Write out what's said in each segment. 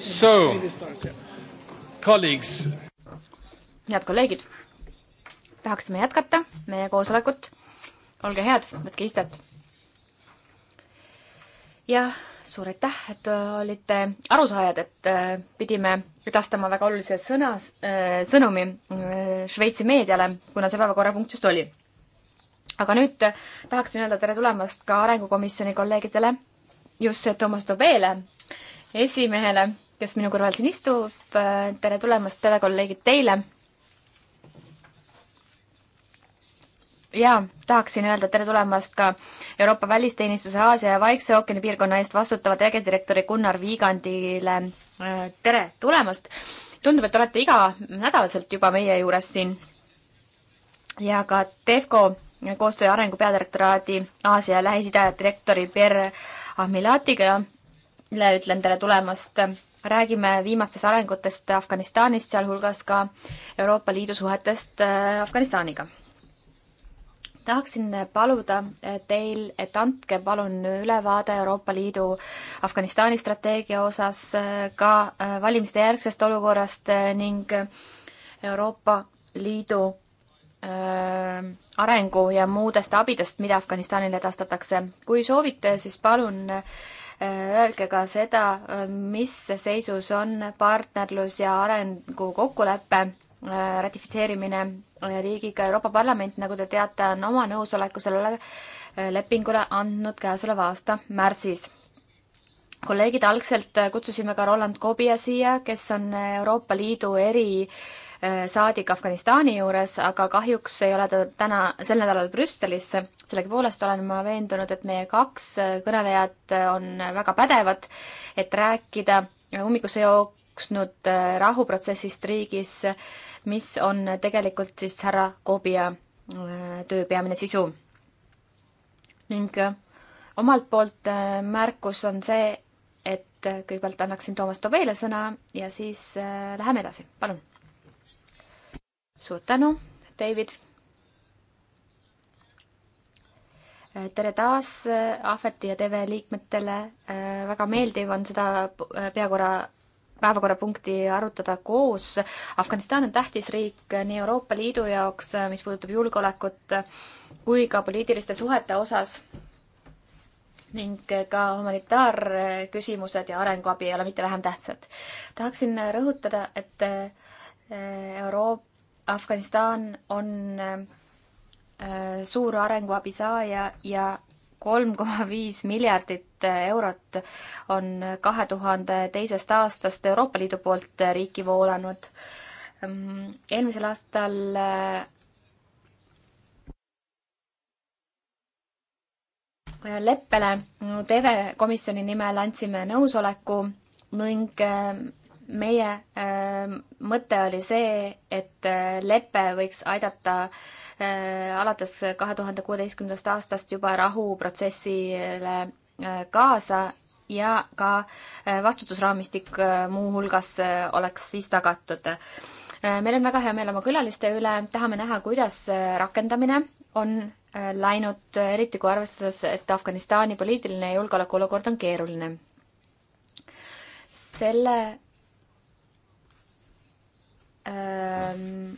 So, colleagues. head kolleegid, tahaksime jätkata meie koosolekut. olge head, võtke istet. jah, suur aitäh, et olite arusaajad, et äh, pidime edastama väga olulise sõna, äh, sõnumi äh, Šveitsi meediale, kuna see päevakorrapunkt just oli. aga nüüd tahaksin öelda tere tulemast ka Arengukomisjoni kolleegidele, just Toomas Tobeele, esimehele kes minu kõrval siin istub. tere tulemast, tere kolleegid teile. ja tahaksin öelda tere tulemast ka Euroopa Välisteenistuse Aasia ja Vaikse ookeani piirkonna eest vastutava tegevdirektori Gunnar Viigandile. Äh, tere tulemast. tundub, et olete iganädalaselt juba meie juures siin. ja ka Defco koostöö ja arengu peadirektoraadi Aasia ja Lähis-Ida direktori Per Ahmilatiga ütlen tere tulemast räägime viimastest arengutest Afganistanist, sealhulgas ka Euroopa Liidu suhetest äh, Afganistaniga. tahaksin paluda äh, teil, et andke palun ülevaade Euroopa Liidu Afganistani strateegia osas, äh, ka valimiste järgsest olukorrast ning Euroopa Liidu arengu ja muudest abidest, mida Afganistanile edastatakse. kui soovite, siis palun äh, Öelge ka seda, mis seisus on partnerlus ja arengu kokkulepe äh, ratifitseerimine riigiga. Euroopa Parlament, nagu te teate, on oma nõusoleku sellele äh, lepingule andnud käesoleva aasta märtsis kolleegid, algselt kutsusime ka Roland Kobia siia, kes on Euroopa Liidu eri Äh, saadik Afganistani juures, aga kahjuks ei ole ta täna, sel nädalal Brüsselis. sellegipoolest olen ma veendunud, et meie kaks äh, kõnelejat äh, on väga pädevad, et rääkida ummikusse jooksnud rahuprotsessist riigis, mis on tegelikult siis härra Kobia töö peamine sisu. ning omalt poolt märkus on see, et kõigepealt annaksin Toomas Tobeile sõna ja siis läheme edasi, palun suur tänu, David. Äh, tere taas äh, Ahveti ja TV liikmetele. Äh, väga meeldiv on seda peakorra, päevakorrapunkti arutada koos. Afganistan on tähtis riik nii Euroopa Liidu jaoks, mis puudutab julgeolekut, kui ka poliitiliste suhete osas ning ka humanitaarküsimused ja arenguabi ei ole mitte vähem tähtsad. tahaksin rõhutada, et Euroopa Afganistan on äh, suur arenguabi saaja ja kolm koma viis miljardit eurot on kahe tuhande teisest aastast Euroopa Liidu poolt riiki voolanud. Mm, eelmisel aastal äh, leppele TV komisjoni nimel andsime nõusoleku ning äh, meie äh, mõte oli see, et äh, lepe võiks aidata äh, alates kahe tuhande kuueteistkümnendast aastast juba rahuprotsessile äh, kaasa ja ka äh, vastutusraamistik äh, muuhulgas äh, oleks siis tagatud äh,. meil on väga hea meel oma külaliste üle, tahame näha, kuidas äh, rakendamine on äh, läinud, eriti kui arvestades, et Afganistani poliitiline julgeolekuolukord on keeruline. selle Ehm,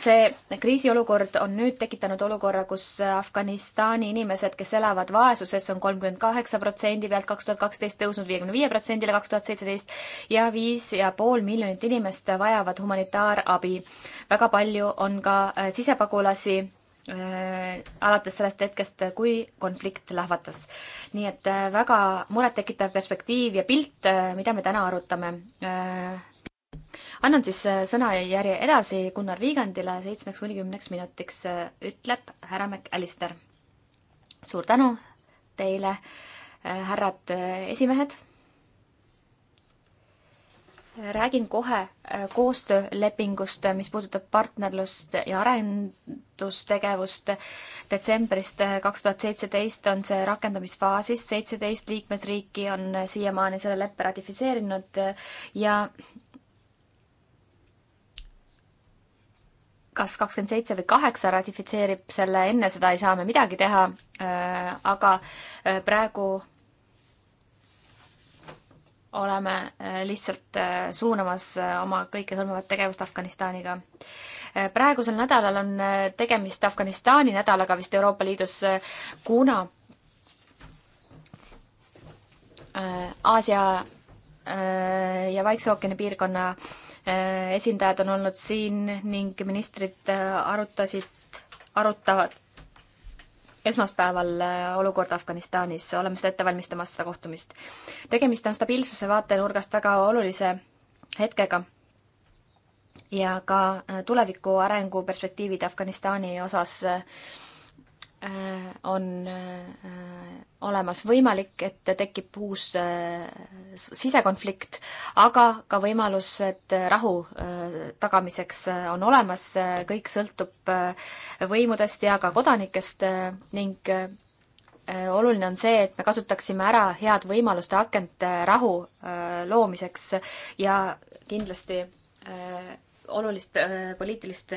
see kriisiolukord on nüüd tekitanud olukorra, kus Afganistani inimesed, kes elavad vaesuses, on kolmkümmend kaheksa protsendi pealt kaks tuhat kaksteist tõusnud viiekümne viie protsendile kaks tuhat seitseteist ja viis ja pool miljonit inimest vajavad humanitaarabi. väga palju on ka äh, sisepagulasi äh, alates sellest hetkest, kui konflikt lahvatas. nii et äh, väga murettekitav perspektiiv ja pilt, mida me täna arutame annan siis äh, sõnajärje edasi Gunnar Viigandile seitsmeks kuni kümneks minutiks, äh, ütleb härra McAllister. suur tänu teile, äh, härrad esimehed. räägin kohe koostöölepingust, mis puudutab partnerlust ja arendustegevust. detsembrist kaks tuhat seitseteist on see rakendamisfaasis, seitseteist liikmesriiki on siiamaani selle leppe ratifitseerinud ja kas kakskümmend seitse või kaheksa ratifitseerib selle, enne seda ei saa me midagi teha, äh, aga äh, praegu oleme äh, lihtsalt suunamas oma kõikehõlmavat tegevust Afganistaniga. praegusel nädalal on tegemist Afganistani nädalaga vist Euroopa Liidus, kuna Aasia ja Vaikse ookeani piirkonna äh, Äh, esindajad on olnud siin ning ministrid äh, arutasid, arutavad esmaspäeval äh, olukord Afganistanis, oleme seda ette valmistamas, seda kohtumist. tegemist on stabiilsuse vaatenurgast väga olulise hetkega ja ka tuleviku arenguperspektiivid Afganistani osas Äh, on äh, olemas võimalik, et tekib uus äh, sisekonflikt, aga ka võimalused rahu tagamiseks on olemas, kõik sõltub võimudest ja ka kodanikest ning oluline on see, et me kasutaksime ära head võimaluste akent rahu loomiseks ja kindlasti olulist poliitilist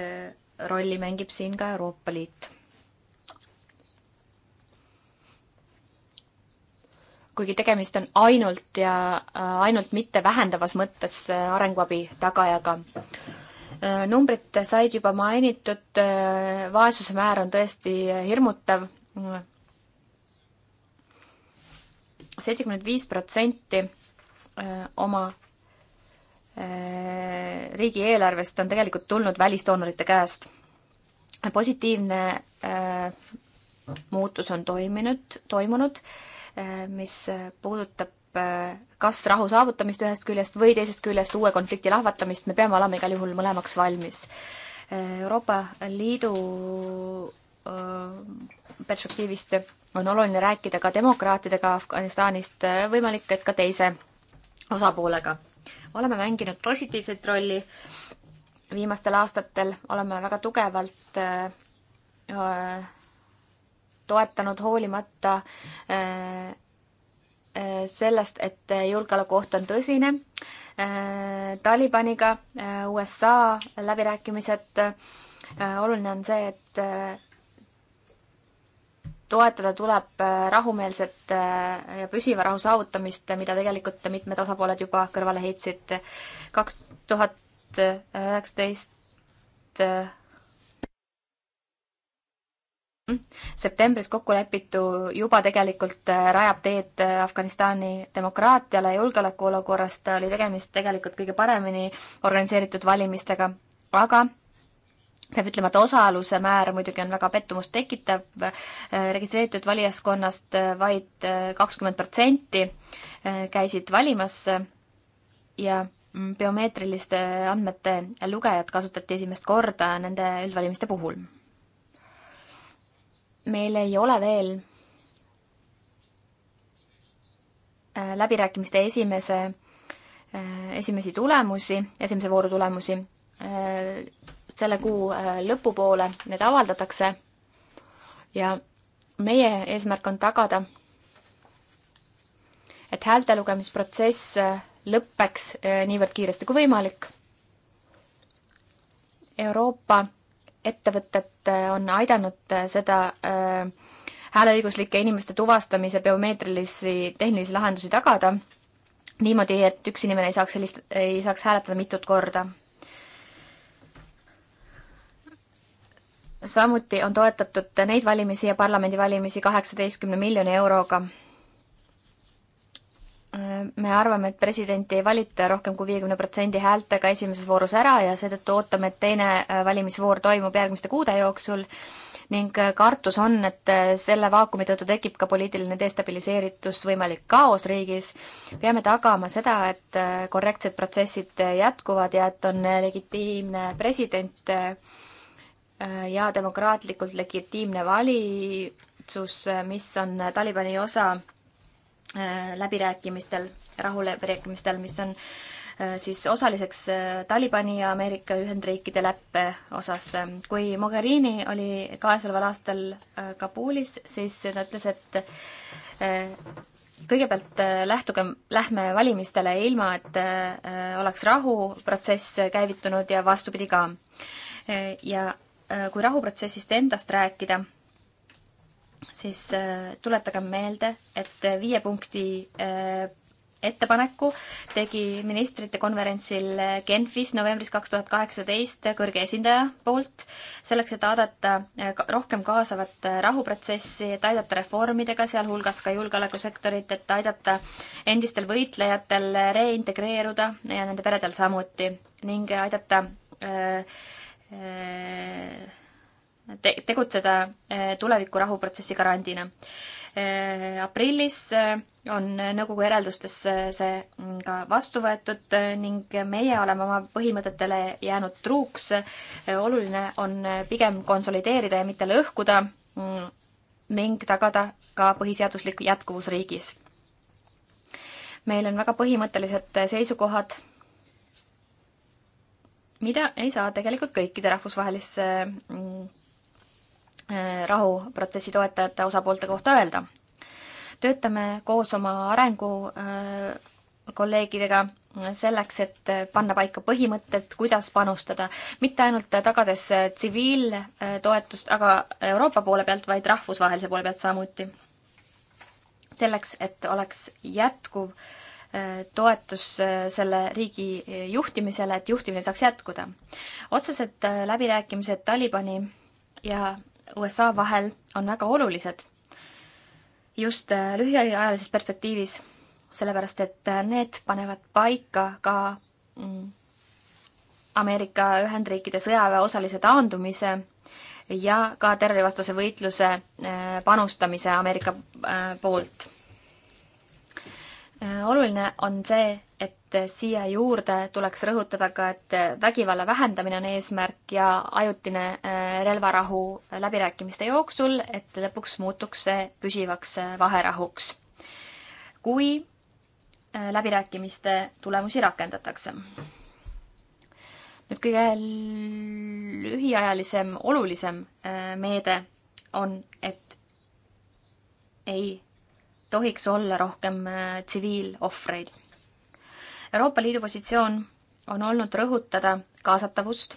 rolli mängib siin ka Euroopa Liit kuigi tegemist on ainult ja äh, ainult mitte vähendavas mõttes äh, arenguabi tagajaga. Äh, numbrid said juba mainitud, vaesuse määr on tõesti hirmutav. seitsekümmend viis protsenti oma riigieelarvest on tegelikult tulnud välisdoonorite käest. positiivne muutus on toiminud, toimunud, toimunud Äh, mis äh, puudutab äh, kas rahu saavutamist ühest küljest või teisest küljest uue konflikti lahvatamist, me peame olema igal juhul mõlemaks valmis. Euroopa Liidu perspektiivist on oluline rääkida ka demokraatidega Afganistanist, võimalik, et ka teise osapoolega. oleme mänginud positiivset rolli viimastel aastatel, oleme väga tugevalt öö, toetanud hoolimata äh, äh, sellest, et julgeolekuoht on tõsine. Äh, Talibaniga USA läbirääkimised, oluline on see, et toetada tuleb rahumeelset ja püsiva rahu saavutamist, mida tegelikult mitmed osapooled juba kõrvale heitsid. kaks tuhat üheksateist septembris kokku lepitu juba tegelikult äh, rajab teed äh, Afganistani demokraatiale, julgeolekuolukorrast oli tegemist tegelikult kõige paremini organiseeritud valimistega, aga peab ütlema, et osaluse määr muidugi on väga pettumust tekitav, äh, registreeritud valijaskonnast vaid kakskümmend protsenti käisid valimas ja mm, biomeetriliste andmete lugejat kasutati esimest korda nende üldvalimiste puhul meil ei ole veel äh, läbirääkimiste esimese, äh, esimesi tulemusi, esimese vooru tulemusi. Äh, selle kuu lõpupoole need avaldatakse ja meie eesmärk on tagada, et häälte lugemisprotsess lõpeks niivõrd kiiresti kui võimalik. Euroopa ettevõtet äh, on aidanud äh, seda äh, hääleõiguslike inimeste tuvastamise biomeetrilisi tehnilisi lahendusi tagada niimoodi, et üks inimene ei saaks sellist, ei saaks hääletada mitut korda. samuti on toetatud neid valimisi ja parlamendivalimisi kaheksateistkümne miljoni euroga me arvame, et presidenti ei valita rohkem kui viiekümne protsendi häältega esimeses voorus ära ja seetõttu ootame, et teine äh, valimisvoor toimub järgmiste kuude jooksul ning äh, kartus on, et äh, selle vaakumi tõttu tekib ka poliitiline destabiliseeritus, võimalik kaos riigis. peame tagama seda, et korrektsed protsessid jätkuvad ja et on legitiimne president ja demokraatlikult legitiimne valitsus, mis on Talibani osa Äh, läbirääkimistel, rahuläbirääkimistel, mis on äh, siis osaliseks äh, Talibani ja Ameerika Ühendriikide läppe osas. kui Mogherini oli käesoleval aastal Kabulis, siis ta ütles, et kõigepealt lähtuge, lähme valimistele ilma, et oleks rahuprotsess käivitunud ja vastupidi ka. ja kui rahuprotsessist endast rääkida, siis äh, tuletage meelde, et viie punkti äh, ettepaneku tegi ministrite konverentsil Genfis novembris kaks tuhat kaheksateist kõrge esindaja poolt, selleks, et aadata äh, rohkem kaasavat rahuprotsessi, et aidata reformidega, sealhulgas ka julgeolekusektorit, et aidata endistel võitlejatel reintegreeruda ja nende peredel samuti ning aidata äh, äh, te-, tegutseda eh, tuleviku rahuprotsessi garandina. Eh, aprillis eh, on nõukogu järeldustes see mm, ka vastu võetud ning meie oleme oma põhimõtetele jäänud truuks. oluline on pigem konsolideerida ja mitte lõhkuda mm, ning tagada ka põhiseaduslik jätkuvus riigis. meil on väga põhimõttelised seisukohad mida ei saa tegelikult kõikide rahvusvahelisse mm, Äh, rahuprotsessi toetajate osapoolte kohta öelda. töötame koos oma arengu äh, kolleegidega selleks, et panna paika põhimõtted, kuidas panustada, mitte ainult tagades tsiviiltoetust, aga Euroopa poole pealt, vaid rahvusvahelise poole pealt samuti. selleks, et oleks jätkuv äh, toetus selle riigi juhtimisele, et juhtimine saaks jätkuda. otsesed läbirääkimised Talibani ja USA vahel on väga olulised just äh, lühiajalises perspektiivis, sellepärast et äh, need panevad paika ka mm, Ameerika Ühendriikide sõjaväe osalise taandumise ja ka terrorivastase võitluse äh, panustamise Ameerika poolt. oluline on see, et siia juurde tuleks rõhutada ka, et vägivalla vähendamine on eesmärk ja ajutine äh, relvarahu läbirääkimiste jooksul, et lõpuks muutuks see püsivaks äh, vaherahuks, kui äh, läbirääkimiste tulemusi rakendatakse nüüd kõige lühiajalisem, olulisem meede on, et ei tohiks olla rohkem tsiviilohvreid. Euroopa Liidu positsioon on olnud rõhutada kaasatavust.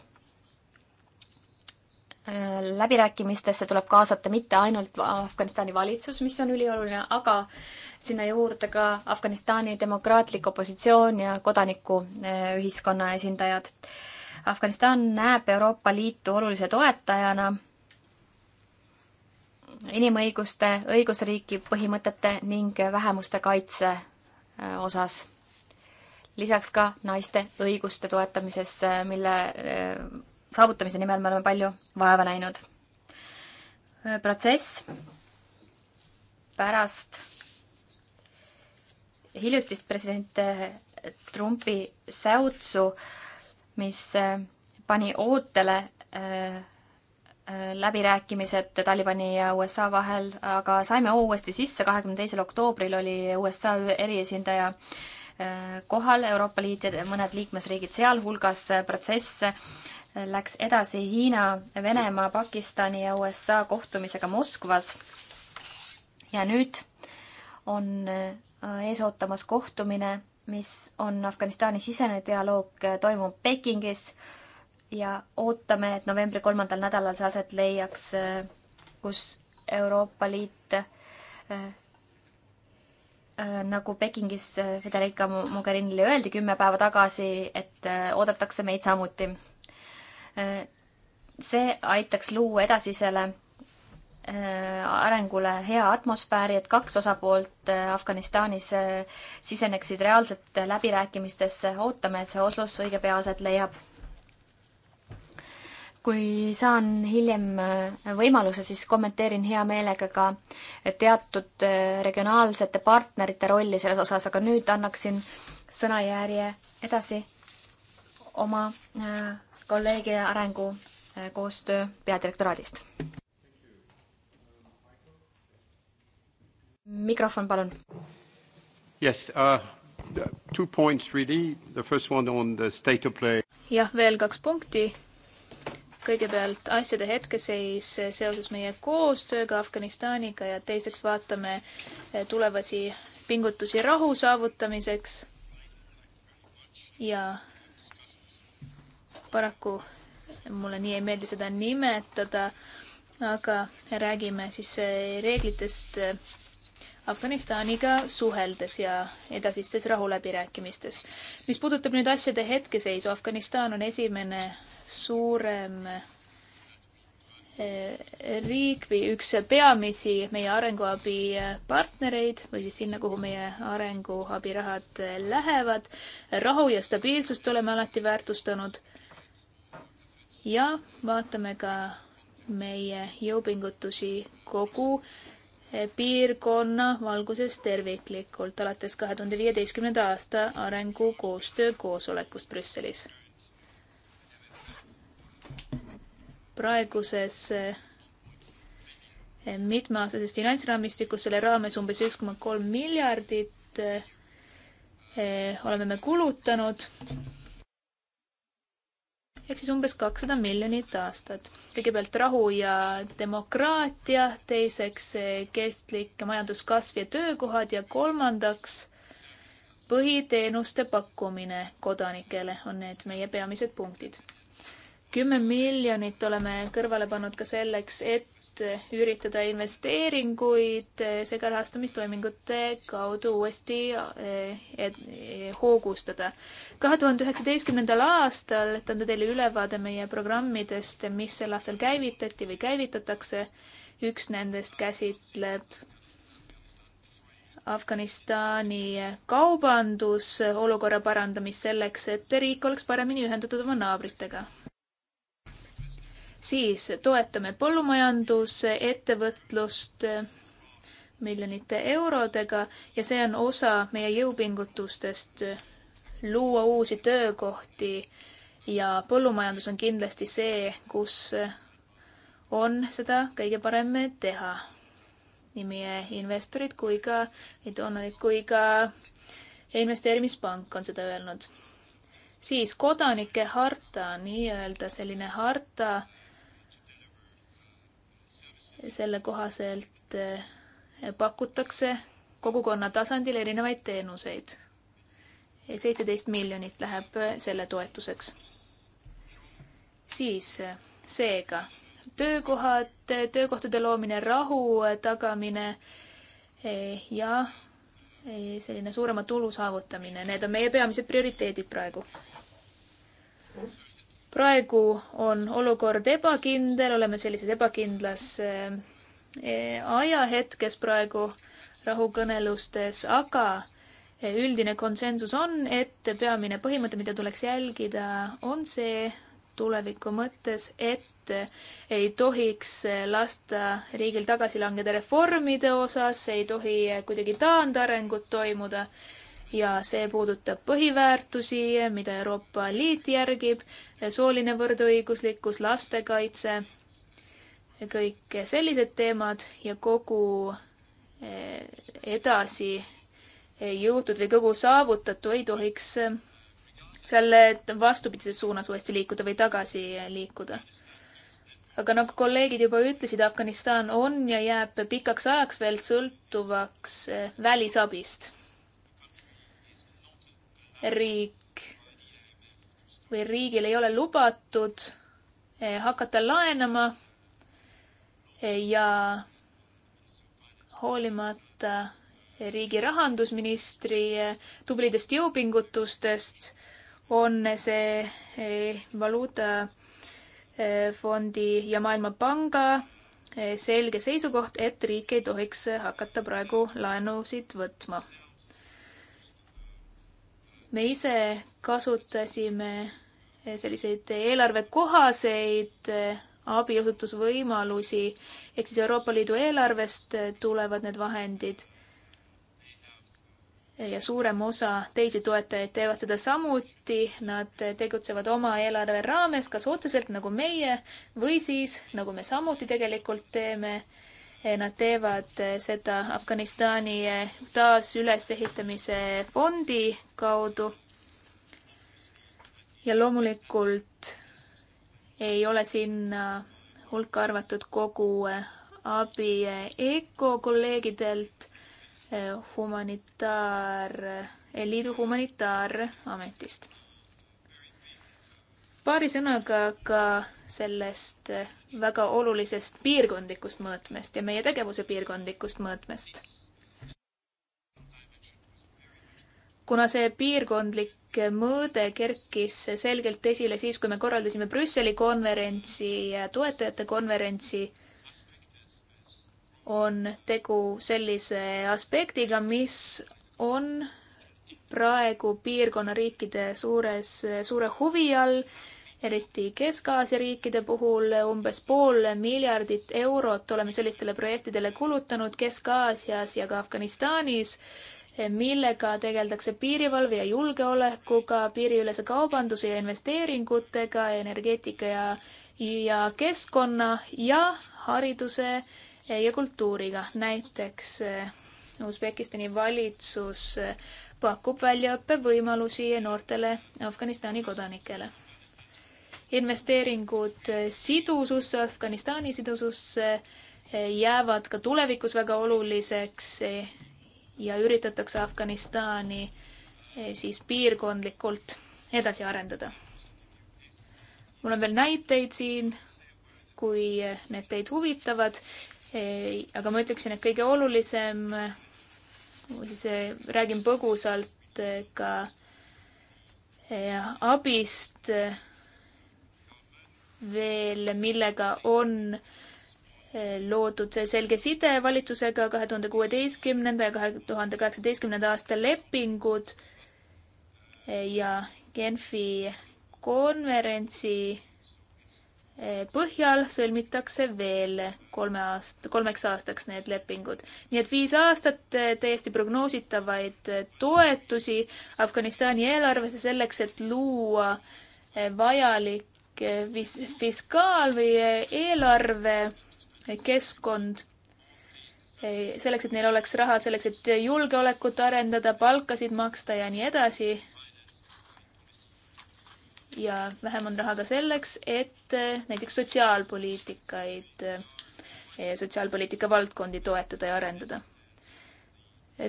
läbirääkimistesse tuleb kaasata mitte ainult Afganistani valitsus, mis on ülioluline, aga sinna juurde ka Afganistani demokraatlik opositsioon ja kodanikuühiskonna esindajad. Afganistan näeb Euroopa Liitu olulise toetajana inimõiguste, õigusriigi põhimõtete ning vähemuste kaitse osas lisaks ka naiste õiguste toetamises, mille äh, saavutamise nimel me oleme palju vaeva näinud. Äh, protsess pärast hiljutist president äh, Trumpi säutsu, mis pani ootele läbirääkimised Talibani ja USA vahel, aga saime uuesti sisse, kahekümne teisel oktoobril oli USA eriesindaja äh, kohal, Euroopa Liit ja mõned liikmesriigid, sealhulgas protsess läks edasi Hiina, Venemaa, Pakistani ja USA kohtumisega Moskvas. ja nüüd on ees ootamas kohtumine, mis on Afganistani sisene dialoog, toimub Pekingis ja ootame, et novembri kolmandal nädalal see aset leiaks, kus Euroopa Liit Äh, nagu Pekingis äh, Federica Mogherinile öeldi kümme päeva tagasi, et äh, oodatakse meid samuti. see aitaks luua edasisele arengule hea atmosfääri, et kaks osapoolt Afganistanis siseneksid reaalselt läbirääkimistesse. ootame, et see Oslos õige pea aset leiab kui saan hiljem äh, võimaluse, siis kommenteerin hea meelega ka teatud äh, regionaalsete partnerite rolli selles osas, aga nüüd annaksin sõnajärje edasi oma äh, kolleegi arengukoostöö peadirektoraadist. mikrofon, palun. Yes uh,, two points really, the first one on the state of play. jah, veel kaks punkti kõigepealt asjade hetkeseis seoses meie koostööga Afganistaniga ja teiseks vaatame eh, tulevasi pingutusi rahu saavutamiseks. ja paraku mulle nii ei meeldi seda nimetada, aga räägime siis eh, reeglitest eh, Afganistaniga suheldes ja edasistes rahuläbirääkimistes. mis puudutab nüüd asjade hetkeseisu, Afganistan on esimene suurem eh, riik või üks peamisi meie arenguabi partnereid või siis sinna, kuhu meie arenguabirahad lähevad. rahu ja stabiilsust oleme alati väärtustanud. ja vaatame ka meie jõupingutusi kogu eh, piirkonna valguses terviklikult alates kahe tuhande viieteistkümnenda aasta arengukoostöö koosolekust Brüsselis praeguses eh, mitmeaastases finantsraamistikus, selle raames umbes üks koma kolm miljardit eh, oleme me kulutanud. ehk siis umbes kakssada miljonit aastat. kõigepealt rahu ja demokraatia, teiseks eh, kestlik majanduskasv ja töökohad ja kolmandaks põhiteenuste pakkumine kodanikele on need meie peamised punktid kümme miljonit oleme kõrvale pannud ka selleks, et üritada investeeringuid segarahastumistoimingute kaudu uuesti eh, eh, hoogustada. kahe tuhande üheksateistkümnendal aastal, et anda teile ülevaade meie programmidest, mis sel aastal käivitati või käivitatakse, üks nendest käsitleb Afganistani kaubandusolukorra parandamist selleks, et riik oleks paremini ühendatud oma naabritega siis toetame põllumajandusettevõtlust miljonite eurodega ja see on osa meie jõupingutustest luua uusi töökohti ja põllumajandus on kindlasti see, kus on seda kõige parem teha. nii meie investorid kui ka, nii donorid kui ka investeerimispank on seda öelnud. siis kodanike harta, nii-öelda selline harta selle kohaselt eh, pakutakse kogukonna tasandil erinevaid teenuseid. seitseteist miljonit läheb eh, selle toetuseks. siis eh, seega töökohad, töökohtade loomine, rahu tagamine ja selline suurema tulu saavutamine, need on meie peamised prioriteedid praegu praegu on olukord ebakindel, oleme sellises ebakindlas eh, eh, ajahetkes praegu rahukõnelustes, aga eh, üldine konsensus on, et peamine põhimõte, mida tuleks jälgida, on see tuleviku mõttes, et ei tohiks lasta riigil tagasi langeda reformide osas, ei tohi kuidagi taandarengut toimuda ja see puudutab põhiväärtusi, mida Euroopa Liit järgib, sooline võrdõiguslikkus, lastekaitse, kõik sellised teemad ja kogu eh, edasi jõutud või kogu saavutatu ei tohiks selle vastupidises suunas uuesti liikuda või tagasi liikuda. aga nagu kolleegid juba ütlesid, Afganistan on ja jääb pikaks ajaks veel sõltuvaks eh, välisabist riik või riigil ei ole lubatud eh, hakata laenama eh, ja hoolimata eh, riigi rahandusministri tublidest jõupingutustest on see valuutafondi ja Maailmapanga selge seisukoht, et riik ei tohiks hakata praegu laenusid võtma me ise kasutasime eh, selliseid eelarvekohaseid eh, abiosutusvõimalusi, ehk siis Euroopa Liidu eelarvest eh, tulevad need vahendid. ja suurem osa teisi toetajaid teevad seda samuti, nad tegutsevad oma eelarve raames, kas otseselt nagu meie või siis, nagu me samuti tegelikult teeme, Nad teevad eh, seda Afganistani eh, taasülesehitamise fondi kaudu. ja loomulikult ei ole sinna hulka arvatud kogu eh, abi EKO kolleegidelt humanitaar, liidu humanitaarametist paari sõnaga ka sellest väga olulisest piirkondlikust mõõtmest ja meie tegevuse piirkondlikust mõõtmest. kuna see piirkondlik mõõde kerkis selgelt esile siis, kui me korraldasime Brüsseli konverentsi ja toetajate konverentsi, on tegu sellise aspektiga, mis on praegu piirkonna riikide suures, suure huvi all eriti Kesk-Aasia riikide puhul umbes pool miljardit eurot oleme sellistele projektidele kulutanud Kesk-Aasias ja ka Afganistanis, millega tegeldakse piirivalve ja julgeolekuga, piiriülese kaubanduse ja investeeringutega, energeetika ja, ja keskkonna ja hariduse ja kultuuriga. näiteks eh, Usbekistani valitsus eh, pakub väljaõppevõimalusi noortele Afganistani kodanikele investeeringud sidususse, Afganistani sidususse eh, jäävad ka tulevikus väga oluliseks eh, ja üritatakse Afganistani eh, siis piirkondlikult edasi arendada. mul on veel näiteid siin, kui need teid huvitavad. aga ma ütleksin, et kõige olulisem, siis räägin põgusalt ka abist veel, millega on eh, loodud selge side valitsusega, kahe tuhande kuueteistkümnenda ja kahe tuhande kaheksateistkümnenda aasta lepingud eh, ja Genfi konverentsi eh, põhjal sõlmitakse veel kolme aast-, kolmeks aastaks need lepingud. nii et viis aastat täiesti prognoositavaid toetusi Afganistani eelarvesse selleks, et luua vajalik Eh, fiskaal- või eh, eelarvekeskkond, eh, selleks, et neil oleks raha, selleks, et julgeolekut arendada, palkasid maksta ja nii edasi. ja vähem on raha ka selleks, et näiteks sotsiaalpoliitikaid, sotsiaalpoliitika valdkondi toetada ja arendada.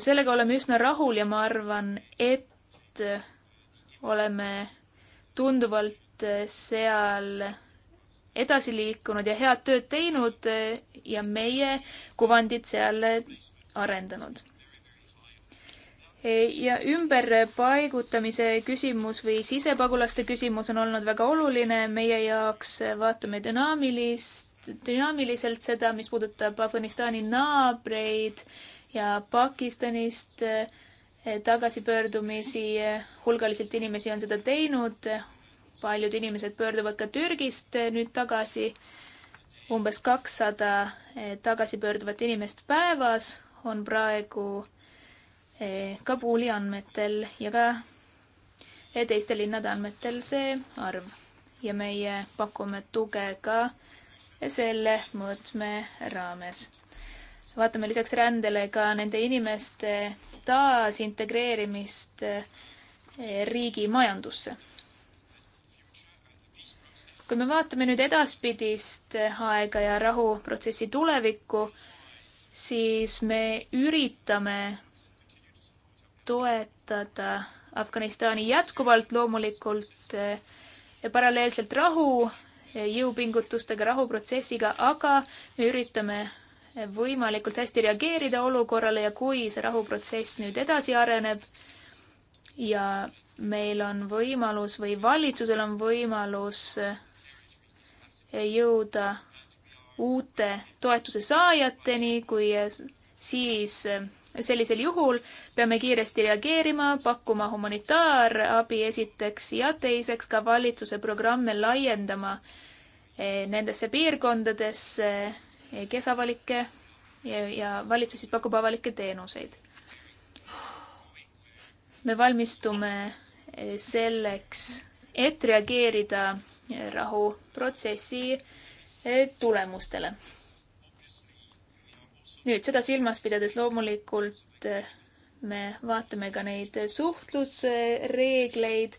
sellega oleme üsna rahul ja ma arvan, et oleme tunduvalt seal edasi liikunud ja head tööd teinud ja meie kuvandit seal arendanud. ja ümberpaigutamise küsimus või sisepagulaste küsimus on olnud väga oluline meie jaoks, vaatame dünaamilist, dünaamiliselt seda, mis puudutab Afganistani naabreid ja Pakistanist tagasipöördumisi, hulgaliselt inimesi on seda teinud, paljud inimesed pöörduvad ka Türgist eh, nüüd tagasi. umbes kakssada eh, tagasipöörduvat inimest päevas on praegu eh, Kabuli andmetel ja ka teiste linnade andmetel see arv ja meie pakume tuge ka selle mõõtme raames. vaatame lisaks rändele ka nende inimeste taasintegreerimist riigi majandusse kui me vaatame nüüd edaspidist aega ja rahuprotsessi tulevikku, siis me üritame toetada Afganistani jätkuvalt loomulikult eh, ja paralleelselt rahu eh, jõupingutustega, rahuprotsessiga, aga me üritame eh, võimalikult hästi reageerida olukorrale ja kui see rahuprotsess nüüd edasi areneb ja meil on võimalus või valitsusel on võimalus jõuda uute toetuse saajateni, kui siis sellisel juhul peame kiiresti reageerima, pakkuma humanitaarabi esiteks ja teiseks ka valitsuse programme laiendama eh, nendesse piirkondadesse, eh, kes avalikke ja, ja valitsus siis pakub avalikke teenuseid. me valmistume eh, selleks, et reageerida rahuprotsessi eh, tulemustele. nüüd seda silmas pidades loomulikult eh, me vaatame ka neid suhtlusreegleid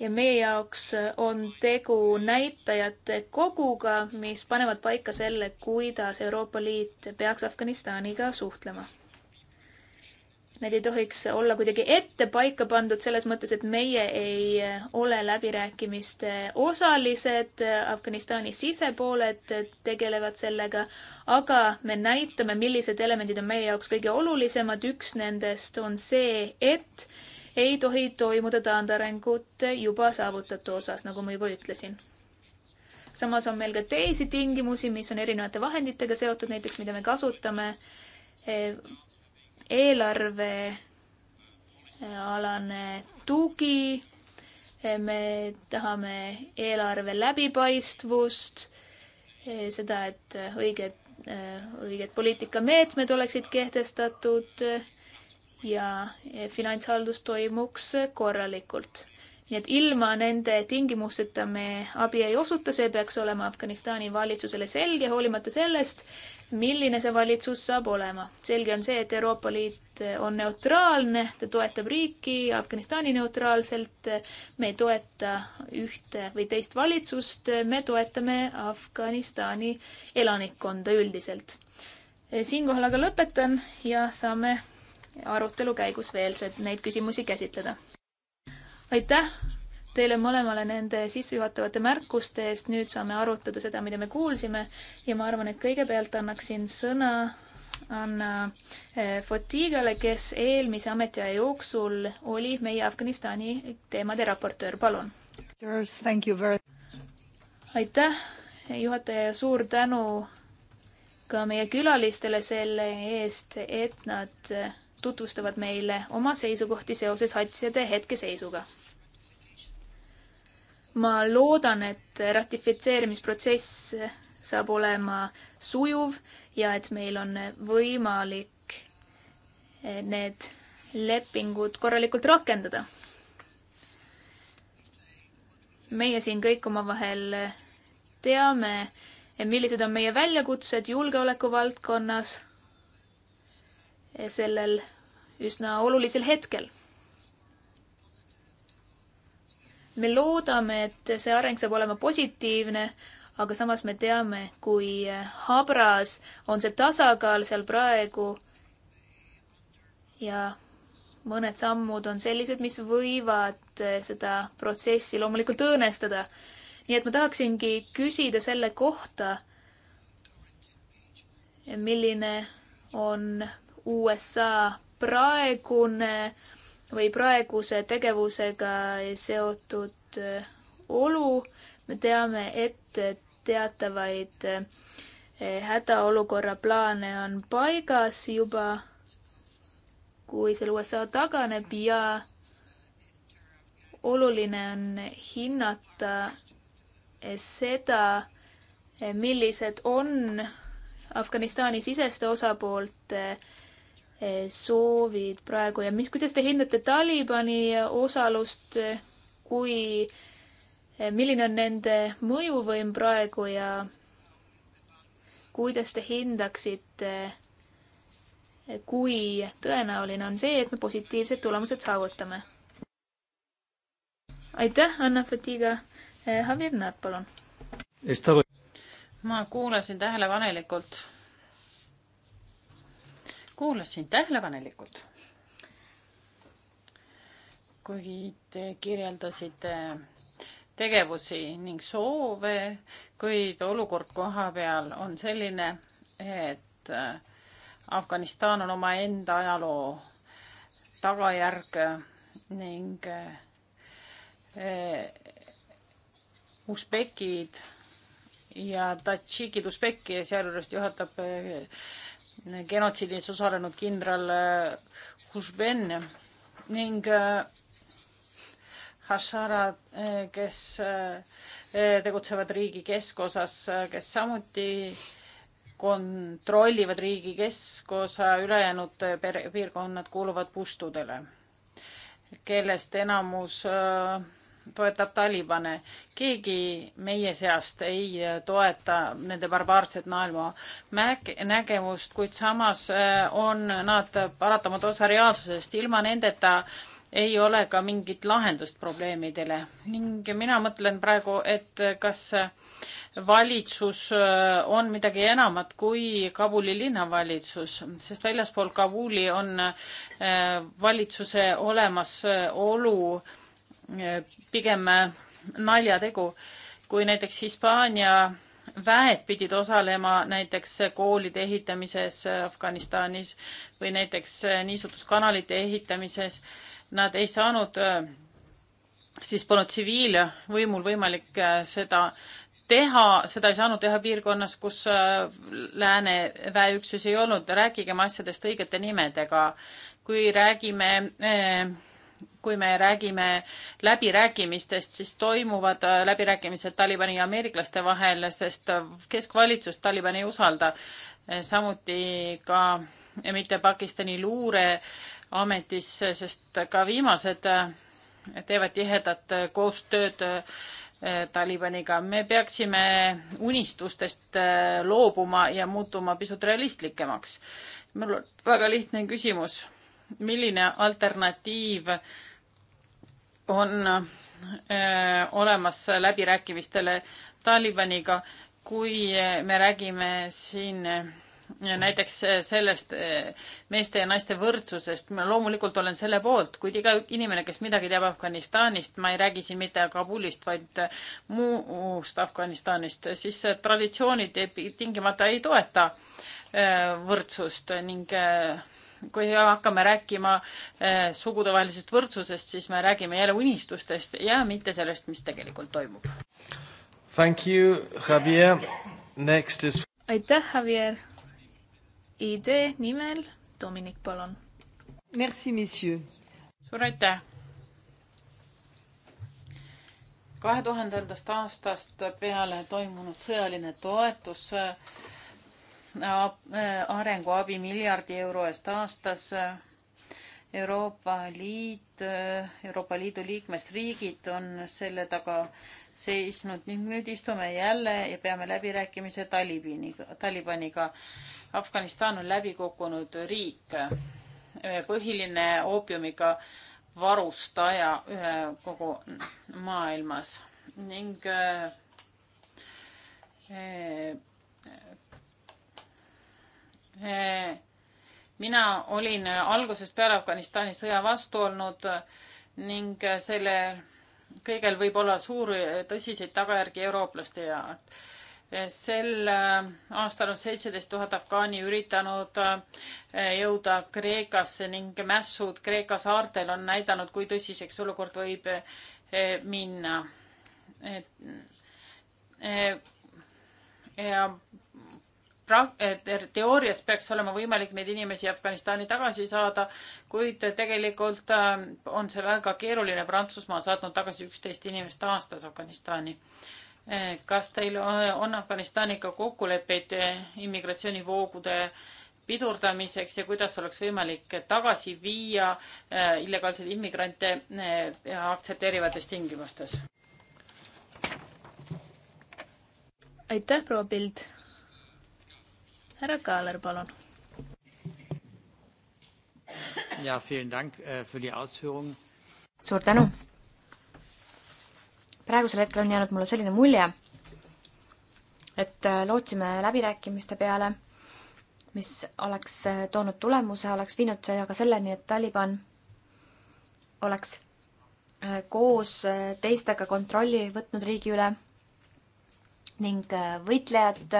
ja meie jaoks on tegu näitajate koguga, mis panevad paika selle, kuidas Euroopa Liit peaks Afganistaniga suhtlema Need ei tohiks olla kuidagi ette paika pandud selles mõttes, et meie ei ole läbirääkimiste osalised, Afganistani sisepooled tegelevad sellega, aga me näitame, millised elemendid on meie jaoks kõige olulisemad. üks nendest on see, et ei tohi toimuda taandarengut juba saavutatu osas, nagu ma juba ütlesin. samas on meil ka teisi tingimusi, mis on erinevate vahenditega seotud, näiteks mida me kasutame eh, eelarvealane äh, tugi, äh, me tahame eelarve läbipaistvust, äh, seda, et õiged, õiged poliitikameetmed oleksid kehtestatud ja finantshaldus toimuks korralikult nii et ilma nende tingimusteta me abi ei osuta, see peaks olema Afganistani valitsusele selge, hoolimata sellest, milline see valitsus saab olema. selge on see, et Euroopa Liit on neutraalne, ta toetab riiki Afganistani neutraalselt, me ei toeta ühte või teist valitsust, me toetame Afganistani elanikkonda üldiselt. siinkohal aga lõpetan ja saame arutelu käigus veel neid küsimusi käsitleda aitäh teile mõlemale nende sissejuhatavate märkuste eest, nüüd saame arutada seda, mida me kuulsime ja ma arvan, et kõigepealt annaksin sõna Anna eh, Fotigale, kes eelmise ametiaja jooksul oli meie Afganistani teemade raportöör, palun. aitäh, juhataja, ja suur tänu ka meie külalistele selle eest, et nad tutvustavad meile oma seisukohti seoses hatside hetkeseisuga ma loodan, et ratifitseerimisprotsess saab olema sujuv ja et meil on võimalik eh, need lepingud korralikult rakendada. meie siin kõik omavahel teame, millised on meie väljakutsed julgeoleku valdkonnas sellel üsna olulisel hetkel me loodame, et see areng saab olema positiivne, aga samas me teame, kui eh, habras on see tasakaal seal praegu. ja mõned sammud on sellised, mis võivad eh, seda protsessi loomulikult õõnestada. nii et ma tahaksingi küsida selle kohta, milline on USA praegune äh, või praeguse tegevusega seotud äh, olu. me teame, et teatavaid äh, hädaolukorra plaane on paigas juba, kui seal USA taganeb ja oluline on hinnata äh, seda, millised on Afganistani siseste osapoolte äh, soovid praegu ja mis, kuidas te hindate Talibani osalust, kui, milline on nende mõjuvõim praegu ja kuidas te hindaksite, kui tõenäoline on see, et me positiivsed tulemused saavutame? aitäh, Anna Fatiga. Javier Naat, palun. ma kuulasin tähelepanelikult kuulasin tähelepanelikult. kui te kirjeldasite tegevusi ning soove, kuid olukord koha peal on selline, et Afganistan on omaenda ajaloo tagajärg ning eh, usbekid ja tadžikid, usbeki sealjuures juhatab eh, genotsiidis osalenud kindral eh, Husben ning eh, Hashara, eh, kes tegutsevad riigi keskosas, kes samuti kontrollivad riigi keskosa, ülejäänud piirkonnad kuuluvad pustudele, kellest enamus äh, toetab Talibane. keegi meie seast ei toeta nende barbaarset maailma nägemust, kuid samas äh, on nad paratamatu osa reaalsusest. ilma nendeta ei ole ka mingit lahendust probleemidele ning mina mõtlen praegu, et kas valitsus äh, on midagi enamat kui Kabuli linnavalitsus, sest väljaspool Kabuli on äh, valitsuse olemasolu äh, pigem äh, naljategu, kui näiteks Hispaania väed pidid osalema näiteks koolide ehitamises äh, Afganistanis või näiteks äh, niisutuskanalite ehitamises, nad ei saanud, siis polnud tsiviilvõimul võimalik seda teha, seda ei saanud teha piirkonnas, kus lääne väeüksusi ei olnud, rääkigem asjadest õigete nimedega. kui räägime eh, kui me räägime läbirääkimistest, siis toimuvad äh, läbirääkimised Talibani ja ameeriklaste vahel, sest äh, keskvalitsus Talibani ei usalda. Äh, samuti ka mitte Pakistani luureametis, sest ka viimased teevad tihedat koostööd Talibaniga. me peaksime unistustest loobuma ja muutuma pisut realistlikemaks. mul on väga lihtne küsimus milline alternatiiv on äh, olemas läbirääkimistele Talibaniga, kui me räägime siin äh, näiteks äh, sellest meeste ja naiste võrdsusest, ma loomulikult olen selle poolt, kuid iga inimene, kes midagi teab Afganistanist, ma ei räägi siin mitte Kabulist, vaid muust Afganistanist, siis traditsioonid tingimata ei toeta äh, Äh, võrdsust ning äh, kui hakkame rääkima äh, sugudevahelisest võrdsusest, siis me räägime jälle unistustest ja mitte sellest, mis tegelikult toimub. Thank you, Javier. Next is. aitäh, Javier. idee nimel Dominik, palun. Merci, monsieur. suur aitäh. kahe tuhandendast aastast peale toimunud sõjaline toetus äh, arenguabi miljardi euro eest aastas. Euroopa Liit, Euroopa Liidu liikmesriigid on selle taga seisnud ning nüüd istume jälle ja peame läbirääkimise Talibaniga, Talibaniga. Afganistan on läbi kukkunud riik, põhiline oopiumiga varustaja kogu maailmas ning eh, mina olin algusest peale Afganistani sõja vastu olnud ning selle kõigel võib olla suuri tõsiseid tagajärgi eurooplaste ja sel aastal on seitseteist tuhat afgaani üritanud äh, jõuda Kreekasse ning mässud Kreeka saartel on näidanud, kui tõsiseks olukord võib äh, minna. Äh, ja Eh, teoorias peaks olema võimalik neid inimesi Afganistani tagasi saada, kuid tegelikult ähm, on see väga keeruline. Prantsusmaa on saatnud tagasi üksteist inimest aastas Afganistani. Eh, kas teil eh, on Afganistaniga kokkuleppeid immigratsioonivoogude pidurdamiseks ja kuidas oleks võimalik tagasi viia illegaalseid immigrante aktsepteerivates tingimustes? aitäh, proua Pild härra Kaaler, palun. ja, äh, suur tänu. praegusel hetkel on jäänud mulle selline mulje, et äh, lootsime läbirääkimiste peale, mis oleks äh, toonud tulemuse, oleks viinud see aga selleni, et Taliban oleks koos teistega kontrolli võtnud riigi üle ning võitlejad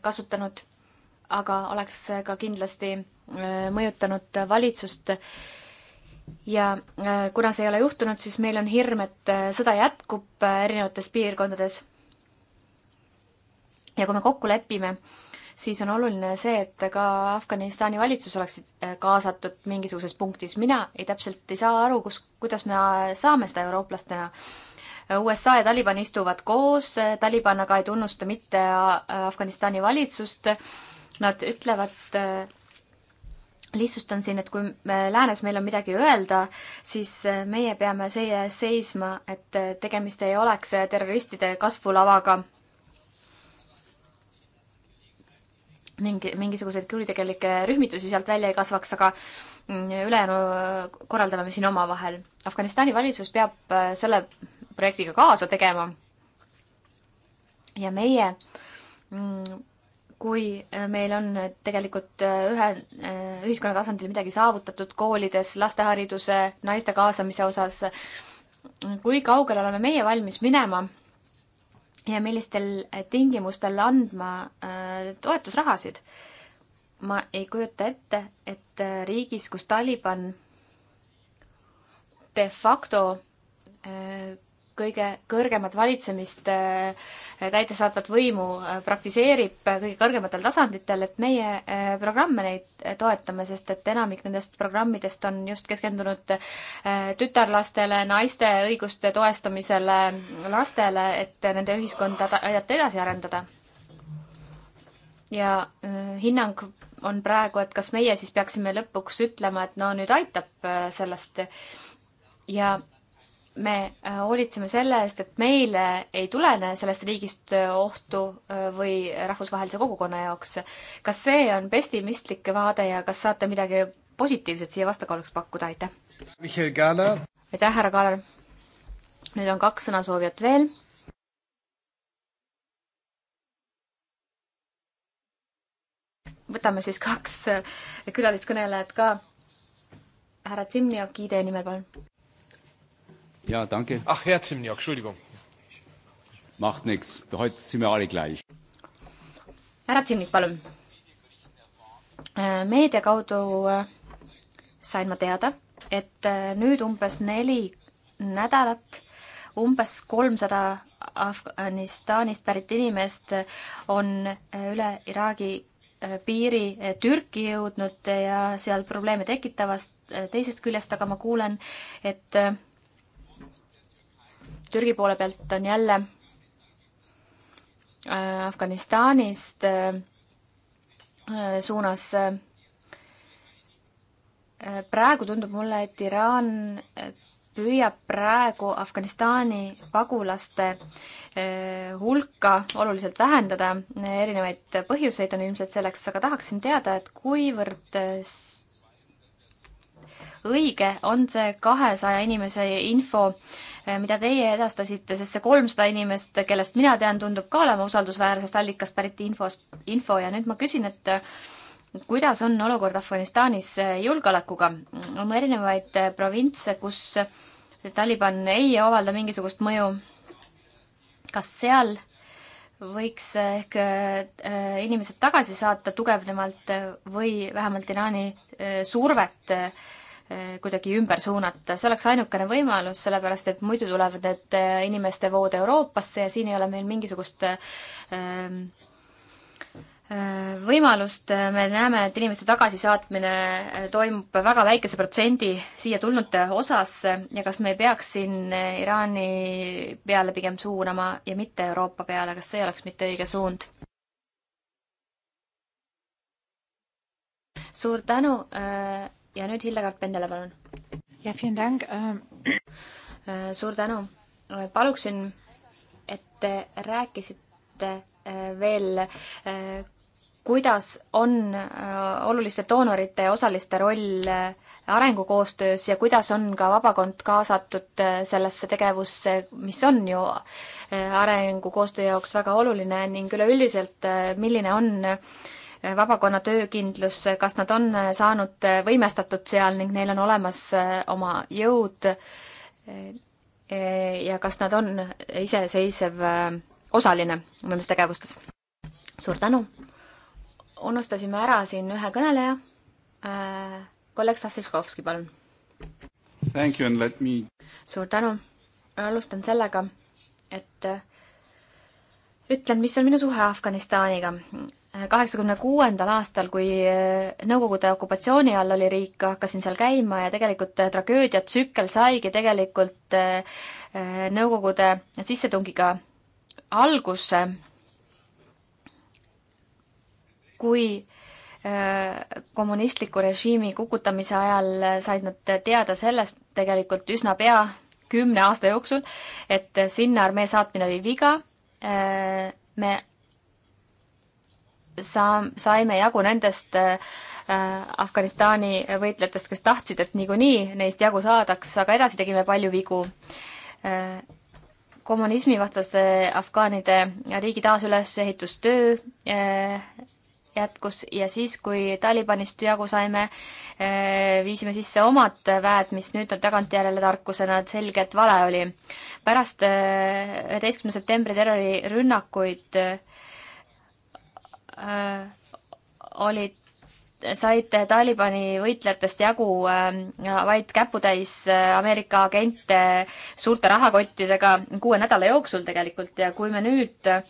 kasutanud, aga oleks ka kindlasti äh, mõjutanud valitsust. ja äh, kuna see ei ole juhtunud, siis meil on hirm, et äh, sõda jätkub erinevates piirkondades. ja kui me kokku lepime, siis on oluline see, et ka Afganistani valitsus oleks kaasatud mingisuguses punktis. mina ei täpselt ei saa aru, kus, kuidas me saame seda eurooplastena USA ja Taliban istuvad koos, Taliban aga ei tunnusta mitte Afganistani valitsust. Nad ütlevad, äh, lihtsustan siin, et kui me äh, läänes, meil on midagi öelda, siis äh, meie peame seie ees seisma, et tegemist ei oleks terroristide kasvulavaga ning mingisuguseid kuritegelikke rühmitusi sealt välja ei kasvaks, aga mm, ülejäänu korraldame me siin omavahel. Afganistani valitsus peab selle projektiga kaasa tegema. ja meie, mm, kui meil on tegelikult äh, ühe, äh, ühiskonna tasandil midagi saavutatud koolides, lastehariduse, naiste kaasamise osas, kui kaugele oleme meie valmis minema ja millistel tingimustel andma äh, toetusrahasid. ma ei kujuta ette, et riigis, kus Taliban de facto kõige kõrgemat valitsemist äh, täidesaatvat võimu äh, praktiseerib äh, kõige kõrgematel tasanditel, et meie programme neid toetame, sest et enamik nendest programmidest on just keskendunud tütarlastele, naiste õiguste toestamisele, lastele, et nende ühiskonda aidata edasi arendada. ja hinnang on praegu, et kas meie siis peaksime lõpuks ütlema, et no nüüd aitab sellest ja me äh, hoolitseme selle eest, et meile ei tulene sellest riigist äh, ohtu äh, või rahvusvahelise kogukonna jaoks. kas see on pessimistlik vaade ja kas saate midagi positiivset siia vastukaaluks pakkuda, aitäh! Mihhail Kaaler. aitäh, härra Kaaler! nüüd on kaks sõnasoovijat veel. võtame siis kaks külaliskõnelejat ka. härra Tsimniok, ID nimel palun Ja, danke. Ach, Herr Zimniok, Entschuldigung. Macht nichts. Heute sind wir alle gleich. härra Zimnik, palun. Äh, meedia kaudu äh, sain ma teada, et äh, nüüd umbes neli nädalat umbes kolmsada Afganistanist pärit inimest on üle Iraagi piiri Türki jõudnud ja seal probleeme tekitavast teisest küljest, aga ma kuulen, et Türgi poole pealt on jälle äh, Afganistanist äh, äh, suunas. praegu tundub mulle, et Iraan püüab praegu Afganistani pagulaste hulka oluliselt vähendada, erinevaid põhjuseid on ilmselt selleks, aga tahaksin teada, et kuivõrd õige on see kahesaja inimese info äh, Eh, mida teie edastasite, sest see kolmsada inimest, kellest mina tean, tundub ka olema usaldusväärsest allikast pärit infost, info ja nüüd ma küsin, et kuidas on olukord Afganistanis eh, julgeolekuga? on erinevaid eh, provintse, kus Taliban ei avalda mingisugust mõju. kas seal võiks ehk inimesed tagasi saata tugevnemalt või vähemalt Iraani survet Eh, kuidagi ümber suunata, see oleks ainukene võimalus, sellepärast et muidu tulevad need eh, inimeste vood Euroopasse ja siin ei ole meil mingisugust ehm, eh, võimalust, me näeme, et inimeste tagasisaatmine toimub väga väikese protsendi siia tulnute osas ja kas me ei peaks siin Iraani peale pigem suunama ja mitte Euroopa peale, kas see oleks mitte õige suund? suur tänu äh, ja nüüd Hildegard Pendele, palun. jah, vielen Dank ähm.. Äh, suur tänu. Äh, paluksin, et te rääkisite äh, veel, kuidas on oluliste doonorite ja osaliste roll arengukoostöös ja kuidas on ka vabakond kaasatud sellesse tegevusse, mis on ju arengukoostöö jaoks väga oluline ning üleüldiselt, milline on äh, vabakonna töökindlus, kas nad on saanud võimestatud seal ning neil on olemas äh, oma jõud äh, ja kas nad on iseseisev äh, osaline nendes tegevustes. suur tänu! unustasime ära siin ühe kõneleja. kolleeg Stassilkovski, palun! Thank you and let me suur tänu! alustan sellega, et ütlen, mis on minu suhe Afganistaniga kaheksakümne kuuendal aastal, kui eh, Nõukogude okupatsiooni all oli riik, hakkasin seal käima ja tegelikult eh, tragöödiatsükkel saigi tegelikult eh, Nõukogude sissetungiga alguse, kui kommunistliku režiimi kukutamise ajal said nad teada sellest tegelikult üsna pea kümne aasta jooksul, et sinna armee saatmine oli viga, me saa-, saime jagu nendest äh, Afganistani võitlejatest, kes tahtsid, et niikuinii neist jagu saadaks, aga edasi tegime palju vigu. Äh, kommunismivastase afgaanide riigi taasülesehitustöö äh, jätkus ja siis, kui Talibanist jagu saime, viisime sisse omad väed, mis nüüd on tagantjärele tarkusena, et selge, et vale oli. pärast üheteistkümnenda septembri terrorirünnakuid äh, äh, olid, said Talibani võitlejatest jagu äh, vaid käputäis äh, Ameerika agente suurte rahakottidega kuue nädala jooksul tegelikult ja kui me nüüd äh,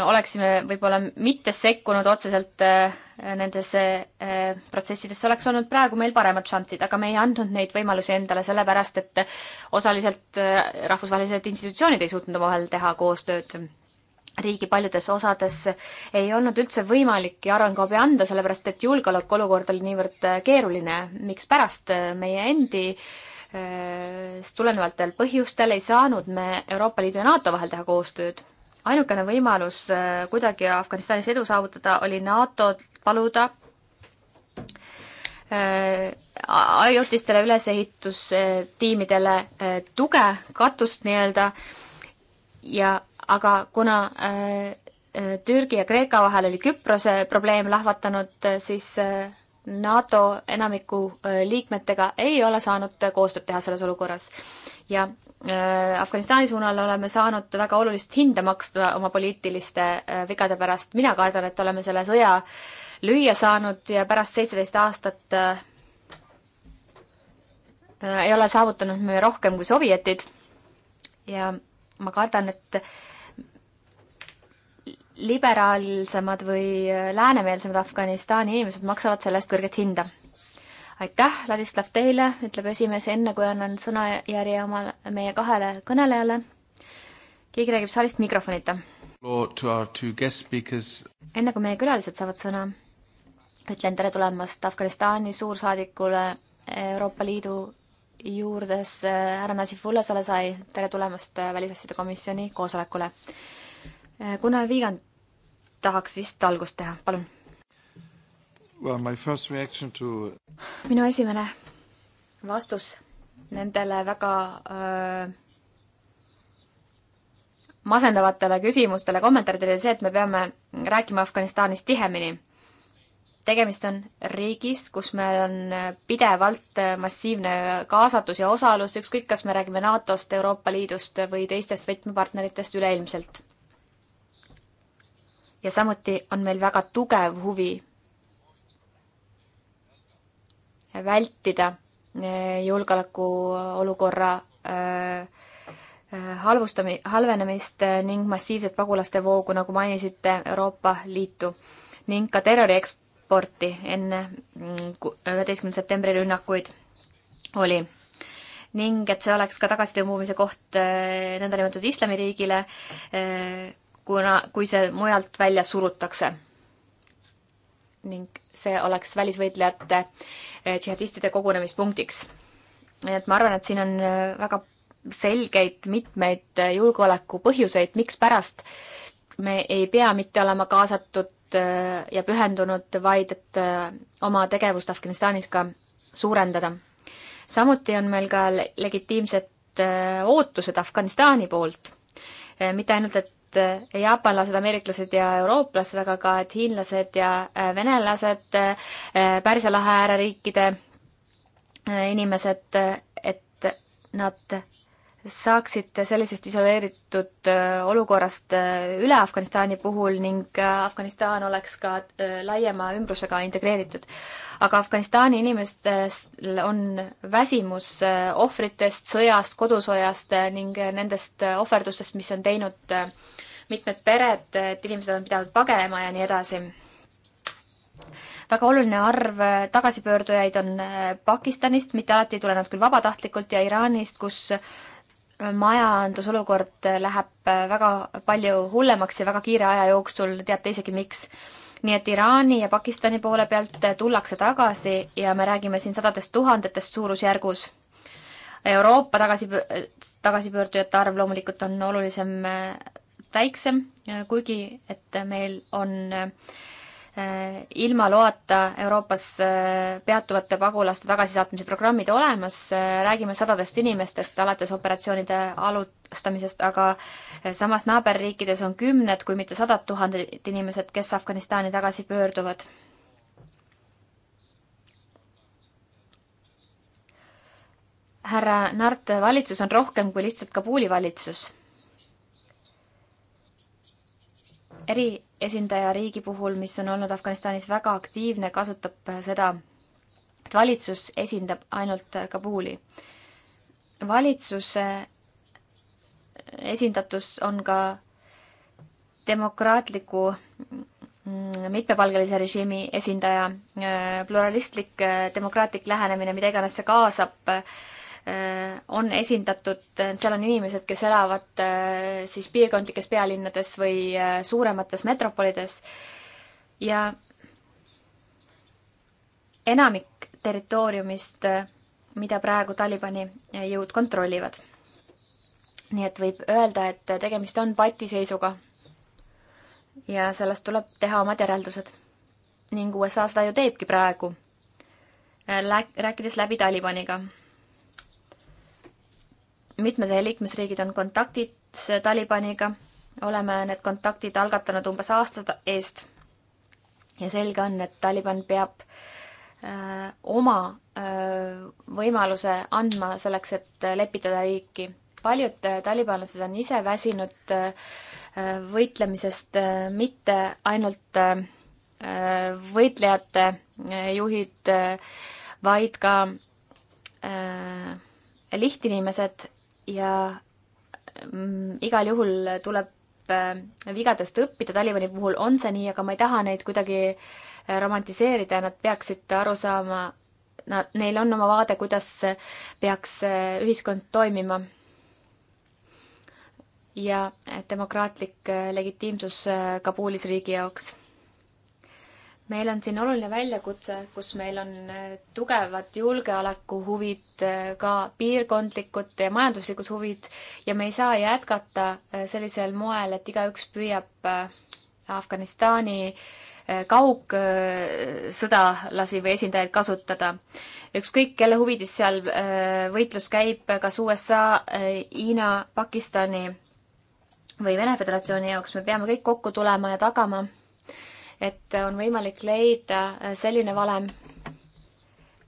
oleksime võib-olla mitte sekkunud otseselt äh, nendesse äh, protsessidesse, oleks olnud praegu meil paremad šansid, aga me ei andnud neid võimalusi endale sellepärast, et osaliselt äh, rahvusvahelised institutsioonid ei suutnud omavahel teha koostööd riigi paljudes osades ei olnud üldse võimalikki arenguabi anda, sellepärast et julgeolekuolukord oli niivõrd äh, keeruline. mikspärast äh, meie endi äh, tulenevatel põhjustel ei saanud me Euroopa Liidu ja NATO vahel teha koostööd. ainukene võimalus kuidagi Afganistanis edu saavutada oli NATO paluda ajutistele ülesehitustiimidele tuge, katust nii-öelda ja aga kuna äh, äh, Türgi ja Kreeka vahel oli Küprose probleem lahvatanud, äh, siis NATO enamiku liikmetega ei ole saanud koostööd teha selles olukorras. ja Afganistani suunal oleme saanud väga olulist hinda maksta oma poliitiliste vigade pärast. mina kardan, et oleme selle sõja lüüa saanud ja pärast seitseteist aastat ei ole saavutanud me rohkem kui sovjetid. ja ma kardan, et liberaalsemad või läänemeelsemad Afganistani inimesed maksavad selle eest kõrget hinda. aitäh, Ladislav, teile, ütleb esimees, enne kui annan sõnajärje oma, meie kahele kõnelejale. keegi räägib saalist mikrofonita. enne kui meie külalised saavad sõna, ütlen tere tulemast Afganistani suursaadikule Euroopa Liidu juurdes härra Nasifullah Salasai, tere tulemast Välisasjade Komisjoni koosolekule Eh, Gunnar Viigand tahaks vist algust teha, palun. Well, my first reaction to minu esimene vastus nendele väga öö, äh, masendavatele küsimustele, kommentaaridele see, et me peame rääkima Afganistanist tihemini. tegemist on riigist, kus meil on äh, pidevalt äh, massiivne kaasatus ja osalus, ükskõik, kas me räägime NATO-st, Euroopa Liidust või teistest võtmepartneritest üleilmselt ja samuti on meil väga tugev huvi vältida eh, julgeolekuolukorra eh, eh, halvustami-, halvenemist ning massiivset pagulaste voogu, nagu mainisite, Euroopa Liitu ning ka terrori eksporti enne mm, üheteistkümnenda septembri rünnakuid oli. ning et see oleks ka tagasitõmbumise koht nõndanimetatud islamiriigile, kuna, kui see mujalt välja surutakse. ning see oleks välisvõitlejate eh, džihadistide kogunemispunktiks. nii et ma arvan, et siin on eh, väga selgeid mitmeid eh, julgeoleku põhjuseid, mikspärast me ei pea mitte olema kaasatud ja pühendunud, vaid et oma tegevust Afganistanis ka suurendada. samuti on meil ka legitiimsed ootused Afganistani poolt mitte ainult, et Eh, jaapanlased, ameeriklased ja eurooplased, aga ka et hiinlased ja eh, venelased, eh, Pärsia lahe ääreriikide inimesed, et nad saaksid sellisest isoleeritud olukorrast üle Afganistani puhul ning Afganistan oleks ka laiema ümbrusega integreeritud. aga Afganistani inimestel on väsimus ohvritest, sõjast, kodusõjast ning nendest ohverdustest, mis on teinud äh, mitmed pered, et inimesed on pidanud pagema ja nii edasi. väga oluline arv tagasipöördujaid on äh, Pakistanist, mitte alati ei tule nad küll vabatahtlikult, ja Iraanist, kus äh, majandusolukord äh, läheb väga palju hullemaks ja väga kiire aja jooksul, teate isegi miks. nii et Iraani ja Pakistani poole pealt tullakse tagasi ja me räägime siin sadadest tuhandetest suurusjärgus. Euroopa tagasi, tagasipöördujate arv loomulikult on olulisem väiksem, kuigi et meil on ilma loata Euroopas peatuvate pagulaste tagasisaatmise programmid olemas, räägime sadadest inimestest alates operatsioonide alustamisest, aga samas naaberriikides on kümned, kui mitte sadad tuhanded inimesed, kes Afganistani tagasi pöörduvad. härra Nart, valitsus on rohkem kui lihtsalt Kabuli valitsus eriesindaja riigi puhul, mis on olnud Afganistanis väga aktiivne, kasutab seda, et valitsus esindab ainult Kabuli. valitsuse esindatus on ka demokraatliku mm, mitmepalgelise režiimi esindaja, äh, pluralistlik äh, demokraatlik lähenemine, mida iganes see kaasab, Äh, on esindatud, seal on inimesed, kes elavad äh, siis piirkondlikes pealinnades või äh, suuremates metropolides ja enamik territooriumist, mida praegu Talibani jõud kontrollivad. nii et võib öelda, et tegemist on patiseisuga. ja sellest tuleb teha omad järeldused. ning USA seda ju teebki praegu, rääkides läbi Talibaniga mitmed meie liikmesriigid on kontaktid Talibaniga, oleme need kontaktid algatanud umbes aasta eest. ja selge on, et Taliban peab öö, äh, oma öö, äh, võimaluse andma selleks, et lepitada riiki. paljud äh, talibanlased on ise väsinud öö, võitlemisest mitte ainult võitlejate juhid, vaid ka lihtinimesed ja mm, igal juhul tuleb äh, vigadest õppida, Talibani puhul on see nii, aga ma ei taha neid kuidagi äh, romantiseerida, nad peaksid aru saama, nad, neil on oma vaade, kuidas peaks äh, ühiskond toimima. ja äh, demokraatlik äh, legitiimsus äh, Kabulis riigi jaoks meil on siin oluline väljakutse, kus meil on äh, tugevad julgeolekuhuvid, äh, ka piirkondlikud ja majanduslikud huvid ja me ei saa jätkata äh, sellisel moel, et igaüks püüab Afganistani kaugsõdalasi või esindajaid kasutada. ükskõik, kelle huvides seal võitlus käib, kas USA, Hiina, Pakistani või Vene Föderatsiooni jaoks, me peame kõik kokku tulema ja tagama et on võimalik leida äh, selline valem,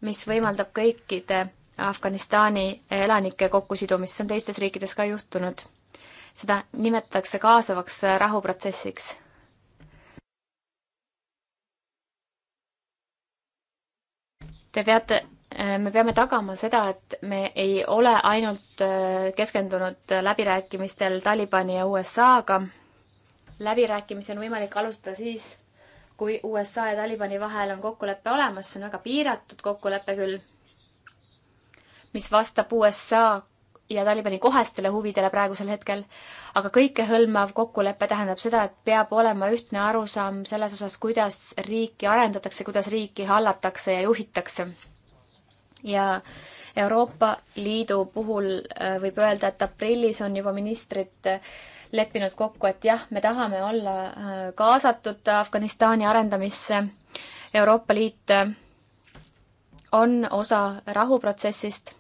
mis võimaldab kõikide Afganistani elanike kokkusidumist, see on teistes riikides ka juhtunud. seda nimetatakse kaasavaks äh, rahuprotsessiks. Te peate, äh, me peame tagama seda, et me ei ole ainult keskendunud läbirääkimistel Talibani ja USA-ga. läbirääkimisi on võimalik alustada siis, kui USA ja Talibani vahel on kokkulepe olemas, see on väga piiratud kokkulepe küll, mis vastab USA ja Talibani kohestele huvidele praegusel hetkel, aga kõikehõlmav kokkulepe tähendab seda, et peab olema ühtne arusaam selles osas, kuidas riiki arendatakse, kuidas riiki hallatakse ja juhitakse. ja Euroopa Liidu puhul äh, võib öelda, et aprillis on juba ministrid äh, leppinud kokku, et jah, me tahame olla äh, kaasatud Afganistani arendamisse. Euroopa Liit äh, on osa rahuprotsessist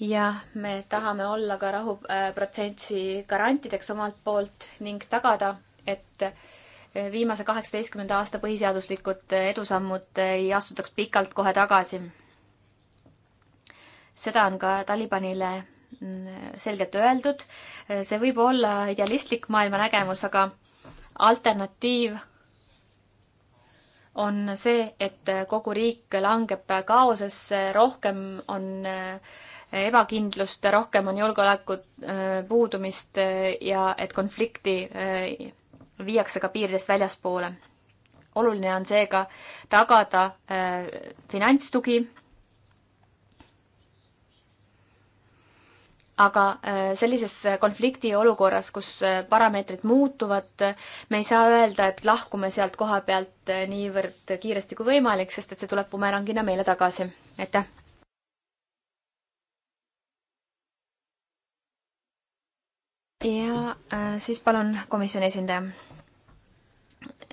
ja me tahame olla ka rahuprotsessi äh, garantideks omalt poolt ning tagada, et viimase kaheksateistkümnenda aasta põhiseaduslikud edusammud ei astutaks pikalt kohe tagasi. seda on ka Talibanile selgelt öeldud. see võib olla idealistlik maailmanägemus, aga alternatiiv on see, et kogu riik langeb kaosesse, rohkem on eh, ebakindlust, rohkem on julgeoleku eh, puudumist eh, ja et konflikti viiakse ka piiridest väljaspoole. oluline on seega tagada finantstugi aga äh, sellises konflikti olukorras, kus äh, parameetrid muutuvad, me ei saa öelda, et lahkume sealt koha pealt äh, niivõrd kiiresti kui võimalik, sest et see tuleb bumerangina meile tagasi. aitäh! ja siis palun komisjoni esindaja.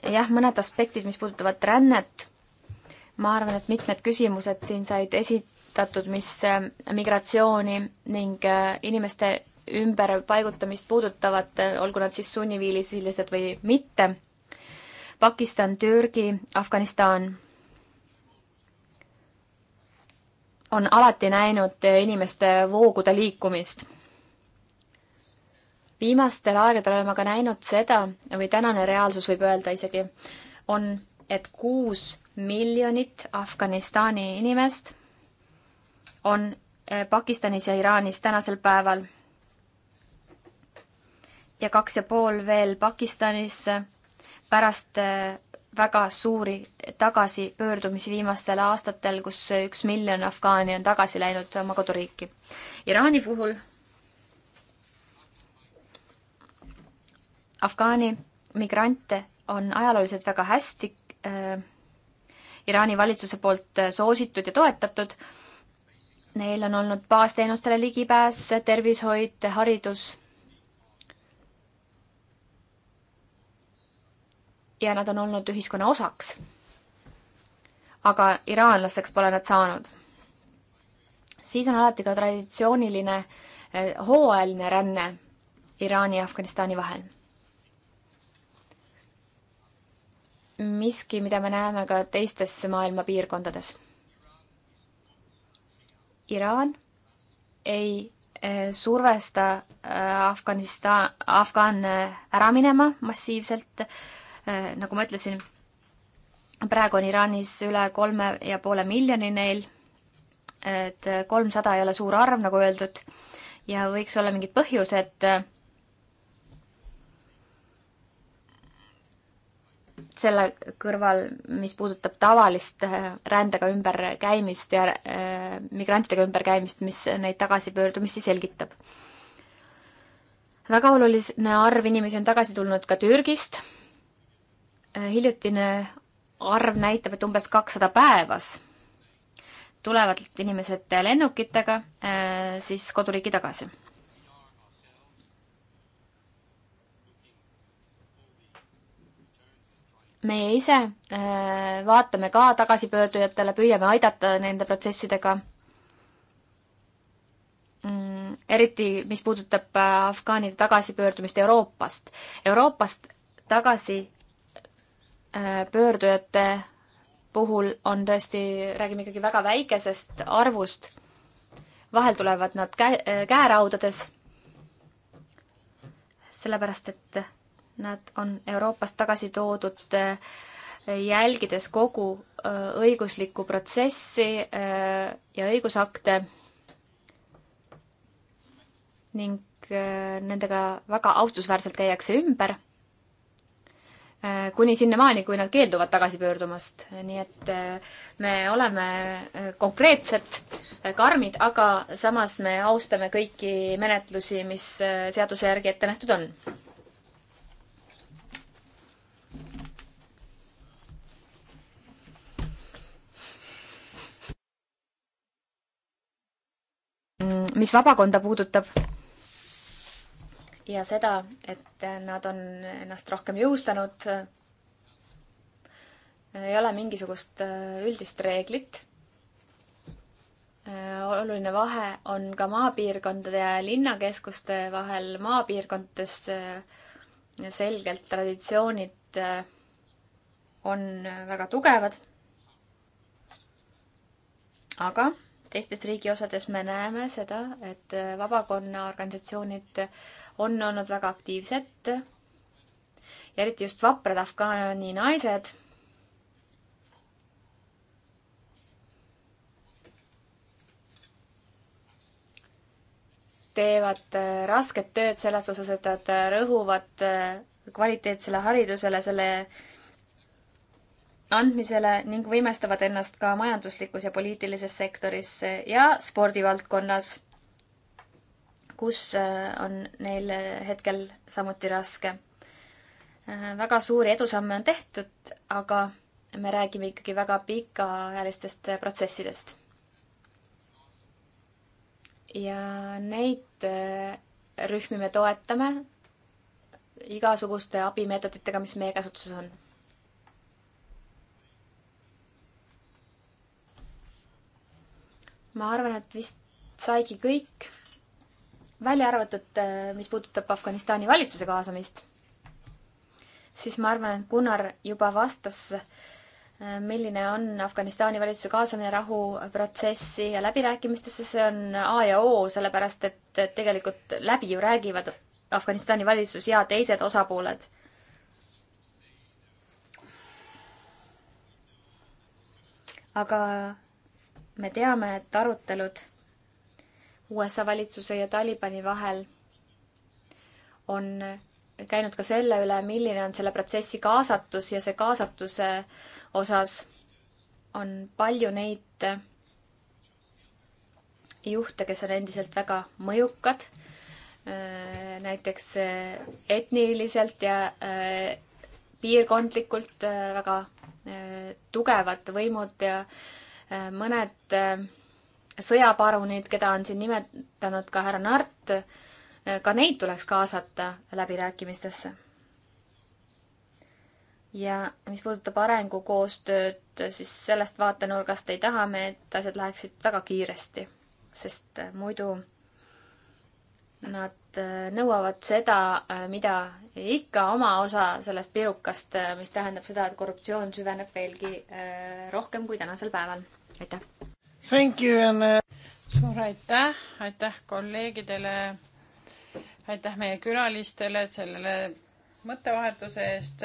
jah, mõned aspektid, mis puudutavad rännet. ma arvan, et mitmed küsimused siin said esit-, tatud, mis äh, migratsiooni ning äh, inimeste ümberpaigutamist puudutavad, äh, olgu nad siis sunniviilised või mitte. Pakistan, Türgi, Afganistan on alati näinud inimeste voogude liikumist. viimastel aegadel oleme aga näinud seda, või tänane reaalsus võib öelda isegi, on, et kuus miljonit Afganistani inimest on eh, Pakistanis ja Iraanis tänasel päeval ja kaks ja pool veel Pakistanisse eh, pärast eh, väga suuri tagasipöördumisi viimastel aastatel, kus üks miljon afgaani on tagasi läinud oma koduriiki. Iraani puhul afgaani migrante on ajalooliselt väga hästi äh, Iraani valitsuse poolt soositud ja toetatud äh,, Neil on olnud baasteenustele ligipääs, tervishoid, haridus. ja nad on olnud ühiskonna osaks. aga iraanlasteks pole nad saanud. siis on alati ka traditsiooniline eh, hooajaline ränne Iraani ja Afganistani vahel. miski, mida me näeme ka teistes maailma piirkondades Iraan ei eh, survesta eh, Afganistan, afgaane eh, ära minema massiivselt. nagu ma ütlesin, praegu on Iraanis üle kolme ja poole miljoni neil. et kolmsada ei ole suur arv, nagu öeldud, ja võiks olla mingid põhjused selle kõrval, mis puudutab tavalist äh, rändega ümberkäimist ja äh, migrantidega ümberkäimist, mis neid tagasipöördumisi selgitab. väga oluline arv inimesi on tagasi tulnud ka Türgist. Äh, hiljutine arv näitab, et umbes kakssada päevas tulevad inimesed lennukitega äh, siis koduriiki tagasi meie ise äh, vaatame ka tagasipöördujatele, püüame aidata nende protsessidega. Mm, eriti, mis puudutab äh, afgaanide tagasipöördumist Euroopast. Euroopast tagasi äh, pöördujate puhul on tõesti, räägime ikkagi väga väikesest arvust. vahel tulevad nad kä-, käeraudades, sellepärast et Nad on Euroopast tagasi toodud eh, jälgides kogu eh, õiguslikku protsessi eh, ja õigusakte ning nendega väga austusväärselt käiakse ümber kuni sinnamaani, kui nad keelduvad tagasi pöördumast. nii et me oleme konkreetsed, karmid, aga samas me austame kõiki menetlusi, mis seaduse järgi ette nähtud on. Ähm, mis vabakonda puudutab ja seda, et nad on ennast rohkem jõustanud. Äh, ei ole mingisugust äh, üldist reeglit. Äh, oluline vahe on ka maapiirkondade ja linnakeskuste vahel. maapiirkondades selgelt traditsioonid on väga tugevad. aga teistes riigiosades me näeme seda, et äh, vabakonna organisatsioonid on olnud väga aktiivsed. eriti just vaprad Afgaani naised. teevad äh, rasket tööd selles osas, et nad äh, rõhuvad kvaliteetsele haridusele, selle andmisele ning võimestavad ennast ka majanduslikus ja poliitilises sektoris ja spordivaldkonnas, kus äh, on neil äh, hetkel samuti raske. Äh, väga suuri edusamme on tehtud, aga me räägime ikkagi väga pikaajalistest protsessidest. ja neid rühmi me toetame igasuguste abimeetoditega, mis meie käsutuses on ma arvan, et vist saigi kõik, välja arvatud, äh, mis puudutab Afganistani valitsuse kaasamist, siis ma arvan, et Gunnar juba vastas, äh, milline on Afganistani valitsuse kaasamine rahuprotsessi ja läbirääkimistesse, see on A ja O, sellepärast et tegelikult läbi ju räägivad Afganistani valitsus ja teised osapooled aga me teame, et arutelud USA valitsuse ja Talibani vahel on käinud ka selle üle, milline on selle protsessi kaasatus ja see kaasatuse osas on palju neid juhte, kes on endiselt väga mõjukad, äh, näiteks äh, etniliselt ja äh, piirkondlikult väga tugevad võimud ja äh, mõned äh, sõjaparunid, keda on siin nimetanud ka härra Nart, äh, ka neid tuleks kaasata läbirääkimistesse. ja mis puudutab arengukoostööd, siis sellest vaatenurgast ei taha me, et asjad läheksid väga kiiresti, sest äh, muidu nad nõuavad seda, mida ikka oma osa sellest pirukast, mis tähendab seda, et korruptsioon süveneb veelgi rohkem kui tänasel päeval aitäh! Thank you and uh, suur aitäh, aitäh kolleegidele, aitäh meie külalistele sellele mõttevahetuse eest.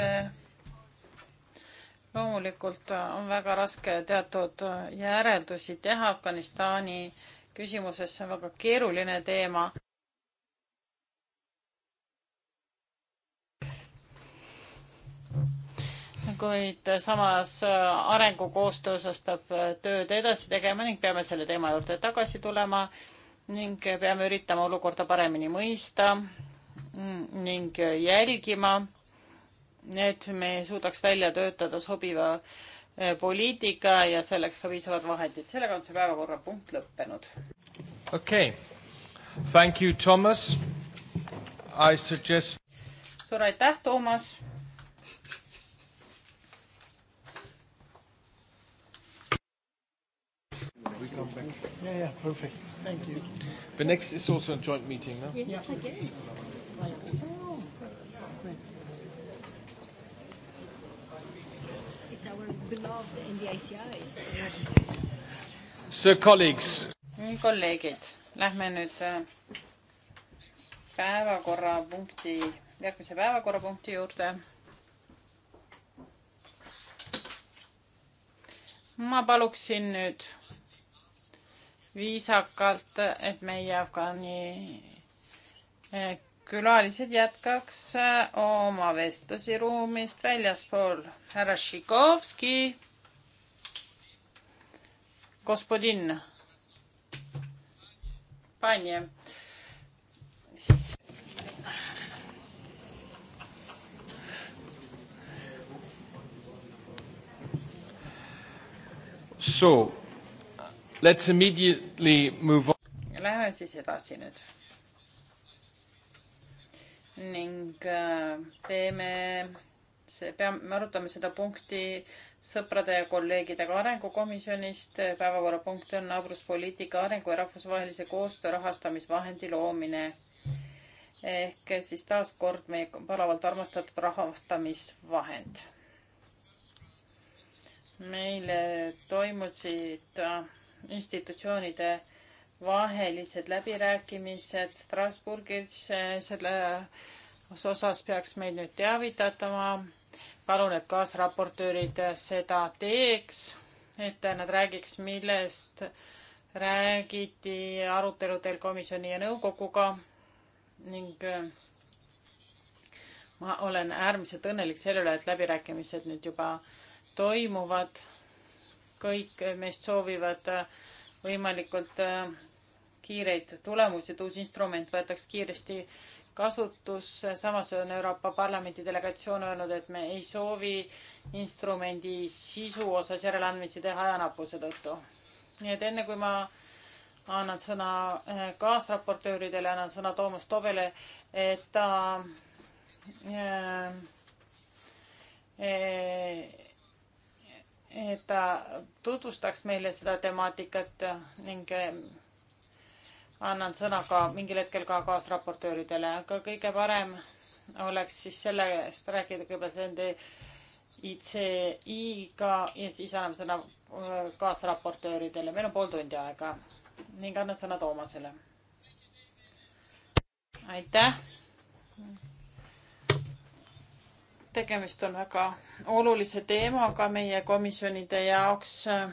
loomulikult on väga raske teatud järeldusi teha Afganistani küsimuses, see on väga keeruline teema. kuid samas äh, arengukoostöö osas peab äh, tööd edasi tegema ning peame selle teema juurde tagasi tulema ning peame üritama olukorda paremini mõista mm, ning jälgima, et me suudaks välja töötada sobiva äh, poliitika ja selleks ka piisavad vahendid. sellega on see päevakorrapunkt lõppenud. okei okay., thank you, Thomas. I suggest. suur aitäh, Toomas we come back. Yeah, yeah, perfect. Thank you. The next is also a joint meeting, no? Yes, yeah. I guess. Oh. It's our beloved NDICI. So, colleagues. kolleegid, lähme nüüd äh, päevakorrapunkti, järgmise päevakorrapunkti juurde ma paluksin nüüd viisakalt, et meie Afgaani eh, külalised jätkaks eh, oma vestlusi ruumist väljaspool. härra Šikovski. Gospodin. Panie. So Let's immediately move on. Läheme siis edasi nüüd. ning äh, teeme, see, peame, arutame seda punkti sõprade ja kolleegidega Arengukomisjonist. päevakorrapunkt on naabruspoliitika arengu ja rahvusvahelise koostöö rahastamisvahendi loomine. ehk siis taaskord meie palavalt armastatud rahastamisvahend meil toimusid äh, institutsioonide vahelised läbirääkimised Strasbourgis, selle osas peaks meid nüüd teavitatama. palun, et kaasraportöörid seda teeks, et nad räägiks, millest räägiti aruteludel komisjoni ja nõukoguga ning ma olen äärmiselt õnnelik selle üle, et läbirääkimised nüüd juba toimuvad kõik meist soovivad äh, võimalikult äh, kiireid tulemusi, et uus instrument võetaks kiiresti kasutusse. samas on Euroopa Parlamendi delegatsioon öelnud, et me ei soovi instrumendi sisu osas järeleandmisi teha ajanappuse tõttu. nii et enne kui ma annan sõna äh, kaasraportööridele, annan sõna Toomas Tobele, et ta äh, äh, et ta tutvustaks meile seda temaatikat ning eh, annan sõna ka mingil hetkel ka kaasraportööridele, aga kõige parem oleks siis sellest rääkida kõigepealt nende ICI-ga ja siis anname sõna eh, kaasraportööridele. meil on pool tundi aega ning annan sõna Toomasele. aitäh tegemist on väga olulise teemaga meie komisjonide jaoks. Äh,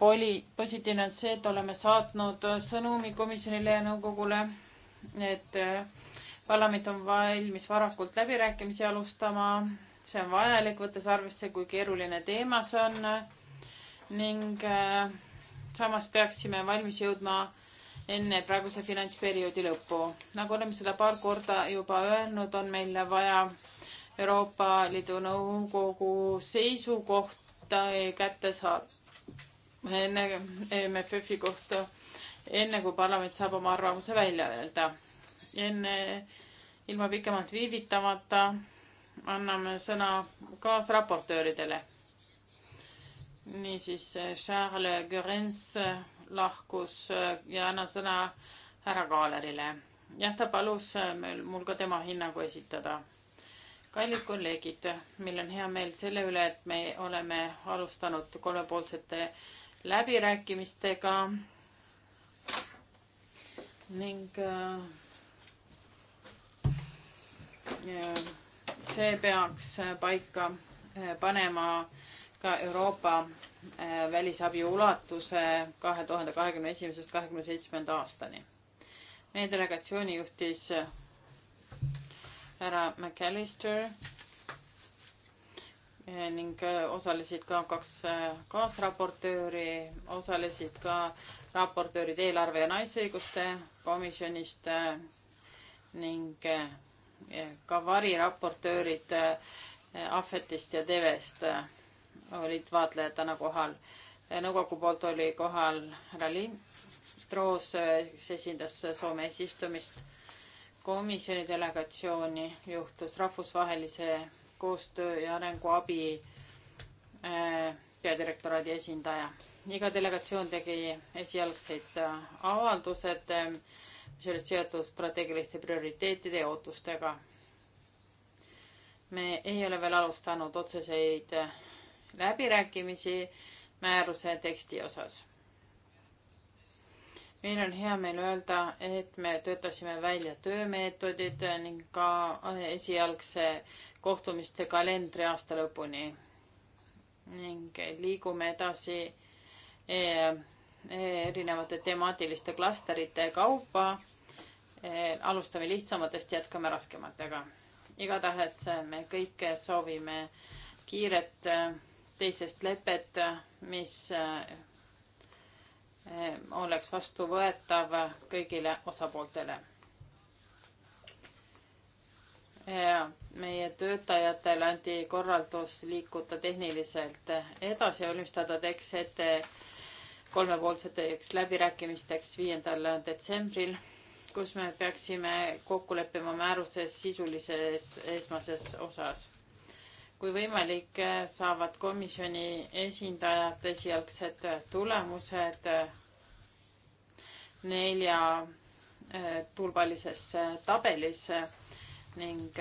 poli-, positiivne on see, et oleme saatnud sõnumi komisjonile ja nõukogule, et äh, parlament on valmis varakult läbirääkimisi alustama. see on vajalik, võttes arvesse, kui keeruline teema see on. ning äh, samas peaksime valmis jõudma enne praeguse finantsperioodi lõppu. nagu oleme seda paar korda juba öelnud, on meil vaja Euroopa Liidu Nõukogu seisukohta kätte saada enne MFF-i kohta, enne kui parlament saab oma arvamuse välja öelda. enne, ilma pikemalt viivitamata anname sõna kaasraportööridele. niisiis Charles Gurens lahkus äh, ja annan sõna härra Kaalerile. jah, ta palus äh, mul ka tema hinnangu esitada. kallid kolleegid, meil on hea meel selle üle, et me oleme alustanud kolmepoolsete läbirääkimistega ning äh, see peaks paika panema äh, ka Euroopa äh, välisabi ulatuse kahe tuhande kahekümne esimesest kahekümne seitsmenda aastani. meie delegatsiooni juhtis äh, härra McAllister äh, ning osalesid ka kaks kaasraportööri, osalesid ka raportöörid eelarve ja naisõiguste komisjonist ning ka variraportöörid Ahvetist ja Devest olid vaatlejatena kohal. nõukogu poolt oli kohal Rali Troos, kes esindas Soome eesistumist. komisjoni delegatsiooni juhtus rahvusvahelise koostöö ja arenguabi äh, peadirektoraadi esindaja. iga delegatsioon tegi esialgseid äh, avaldused, äh, mis olid seotud strateegiliste prioriteetide ja ootustega me ei ole veel alustanud otseseid läbirääkimisi määruse teksti osas. meil on hea meel öelda, et me töötasime välja töömeetodid ning ka esialgse kohtumiste kalendri aasta lõpuni. ning liigume edasi e, e, erinevate temaatiliste klasterite kaupa. E, alustame lihtsamatest, jätkame raskematega. igatahes me kõik soovime kiiret teisest lepet, mis eh, oleks vastuvõetav kõigile osapooltele. meie töötajatele anti korraldus liikuda tehniliselt edasi ja valmistada tekst ette kolmepoolseteks läbirääkimisteks viiendal detsembril, kus me peaksime kokku leppima määruses sisulises esmases osas kui võimalik, eh, saavad komisjoni esindajad esialgsed eh, tulemused eh, nelja tulbalises tabelis ning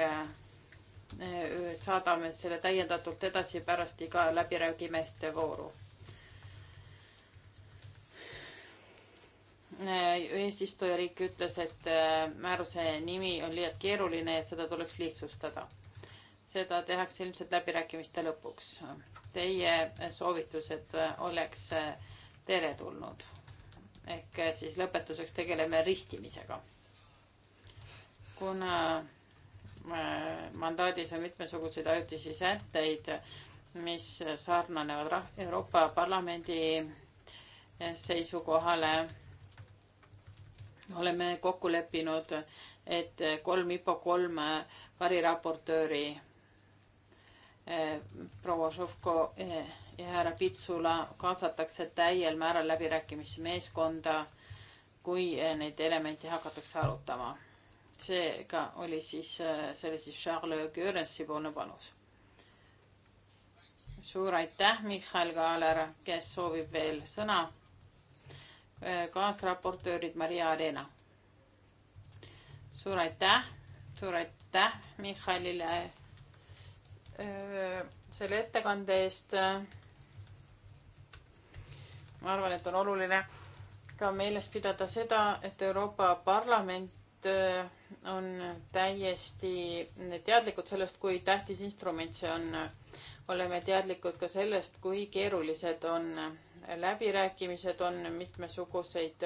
saadame selle täiendatult edasi pärast iga läbirääkimeeste vooru. eesistujariik ütles, et määruse nimi on liialt keeruline ja seda tuleks lihtsustada seda tehakse ilmselt läbirääkimiste lõpuks. Teie soovitused oleks teretulnud. ehk siis lõpetuseks tegeleme ristimisega. kuna äh, mandaadis on mitmesuguseid ajutisi sätteid, mis sarnanevad Euroopa Parlamendi äh, seisukohale, oleme kokku leppinud, et kolm IPO kolm äh, variraportööri proua Žovko eh, ja härra Pitsula kaasatakse täiel määral läbirääkimismeeskonda, kui eh, neid elemente hakatakse arutama. seega oli siis, eh, see oli siis Charles Göransi poolne panus. suur aitäh, Michal Kaaler, kes soovib veel sõna. kaasraportöörid Maria Arena. suur aitäh, suur aitäh Michalile Äh, selle ettekande eest. ma arvan, et on oluline ka meeles pidada seda, et Euroopa Parlament äh, on täiesti teadlikud sellest, kui tähtis instrument see on. oleme teadlikud ka sellest, kui keerulised on läbirääkimised, on mitmesuguseid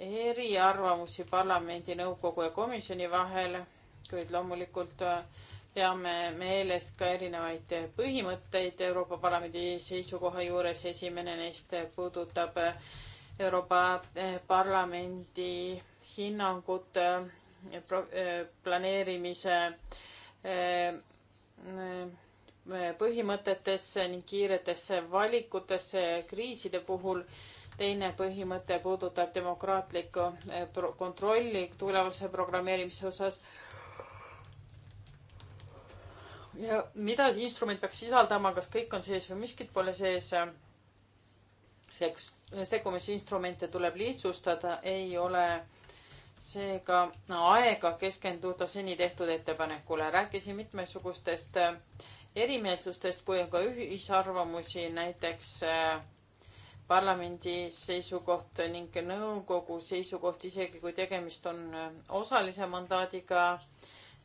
eriarvamusi parlamendi, nõukogu ja komisjoni vahel, kuid loomulikult äh, peame meeles ka erinevaid põhimõtteid Euroopa Parlamendi seisukoha juures. esimene neist puudutab Euroopa eh, Parlamendi hinnangut eh, eh, planeerimise põhimõtetesse ning kiiretesse valikutesse kriiside puhul. teine põhimõte puudutab demokraatlikku kontrolli tulevase programmeerimise osas ja mida instrument peaks sisaldama, kas kõik on sees või miskit pole sees? seks, segumisinstrumente tuleb lihtsustada, ei ole seega no, aega keskenduda seni tehtud ettepanekule. rääkisin mitmesugustest äh, erimeelsustest kui ka ühisarvamusi, näiteks äh, parlamendi seisukoht ning nõukogu seisukoht, isegi kui tegemist on äh, osalise mandaadiga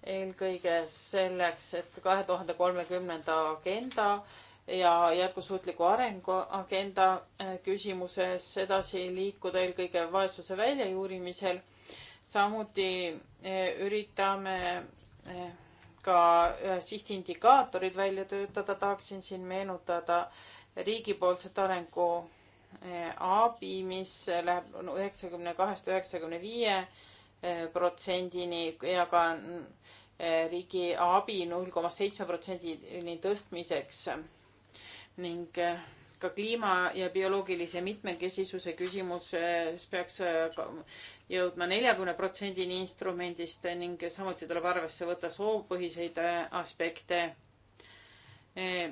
eelkõige selleks, et kahe tuhande kolmekümnenda agenda ja jätkusuutliku arengu agenda äh, küsimuses edasi liikuda, eelkõige vaesuse väljajuurimisel. samuti äh, üritame äh, ka sihtindikaatorid välja töötada, tahaksin siin meenutada riigipoolset arengu abi, mis läheb üheksakümne kahest üheksakümne viie protsendini ja ka eh, riigi abi null koma seitsme protsendini tõstmiseks ning eh, ka kliima ja bioloogilise mitmekesisuse küsimuses peaks eh, jõudma neljakümne protsendini instrumendist ning samuti tuleb arvesse võtta soopõhiseid aspekte.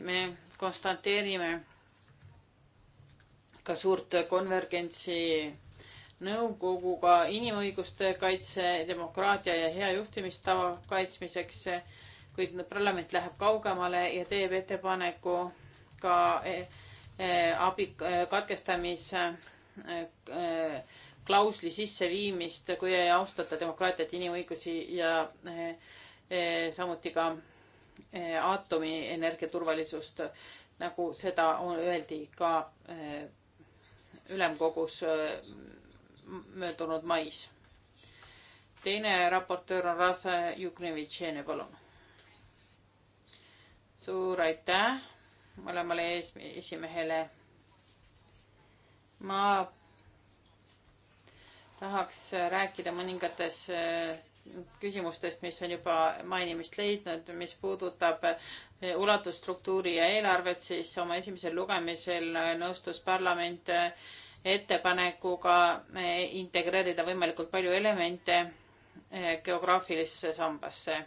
me konstateerime ka suurt konvergentsi nõukoguga inimõiguste kaitse, demokraatia ja hea juhtimistava kaitsmiseks. kuid parlament läheb kaugemale ja teeb ettepaneku ka eh, eh, abi eh, katkestamise klausli sisseviimist, kui ei austata demokraatiat, inimõigusi ja samuti ka aatomienergia turvalisust, nagu seda öeldi ka ülemkogus möödunud mais. teine raportöör on Rasa Juknevitšene, palun. suur aitäh mõlemale ees, esimehele. ma tahaks rääkida mõningates eh, küsimustest, mis on juba mainimist leidnud, mis puudutab eh, ulatusstruktuuri ja eelarvet, siis oma esimesel lugemisel nõustus parlament äh, ettepanekuga integreerida võimalikult palju elemente eh, geograafilisse sambasse.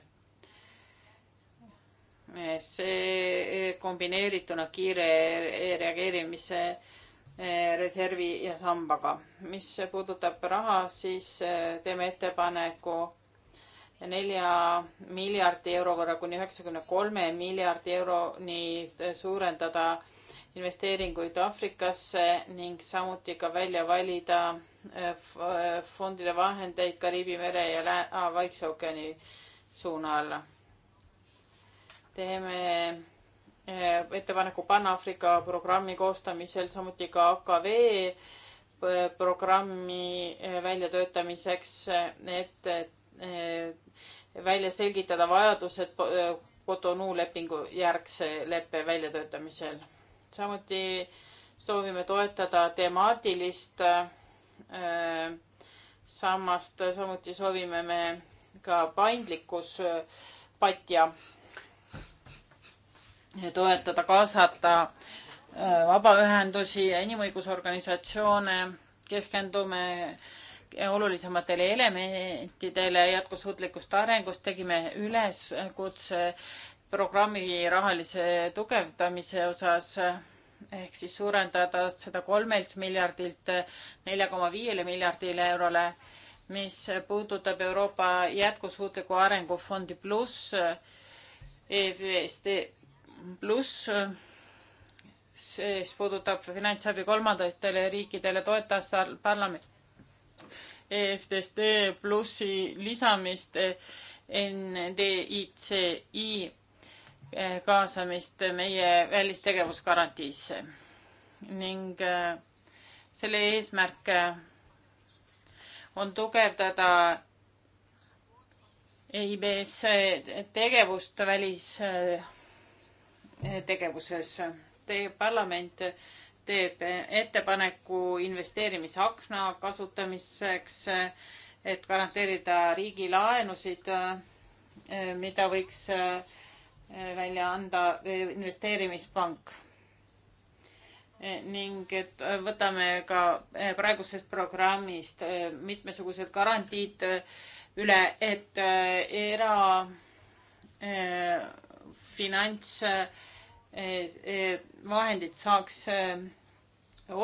Eh, see kombineerituna kiire reageerimise eh, reservi ja sambaga. mis puudutab raha, siis teeme ettepaneku nelja miljardi euro võrra kuni üheksakümne kolme miljardi euroni suurendada äh, investeeringuid Aafrikasse ning samuti ka välja valida äh, äh, fondide vahendeid Kariibi mere ja Lää-, Vaikse ookeani suunal. teeme äh, ettepaneku Pan-Aafrika programmi koostamisel, samuti ka AKV programmi väljatöötamiseks, et välja selgitada vajadused Cotonou lepingu järgse leppe väljatöötamisel samuti soovime toetada temaatilist äh, sammast, samuti soovime me ka paindlikkus äh, patja toetada, kaasata äh, vabaühendusi ja inimõigusorganisatsioone, keskendume äh, olulisematele elementidele jätkusuutlikust arengust, tegime üleskutse programmi rahalise tugevdamise osas ehk siis suurendada seda kolmelt miljardilt nelja koma viiele miljardile eurole, mis puudutab Euroopa Jätkusuutliku Arengu Fondi pluss, EFSD pluss, siis puudutab finantsabi kolmandatele riikidele toetajastel parlament EFSD plussi lisamist NDICI kaasamist meie välistegevusgarantiisse ning äh, selle eesmärk äh, on tugevdada EIB-s äh, tegevust välistegevuses. Teie parlament teeb ettepaneku investeerimisakna kasutamiseks, et garanteerida riigilaenusid, mida võiks äh, Eh, välja anda eh, investeerimispank. Eh, ning et võtame ka praegusest programmist mitmesugused garantiid üle, et erafinantsvahendid saaks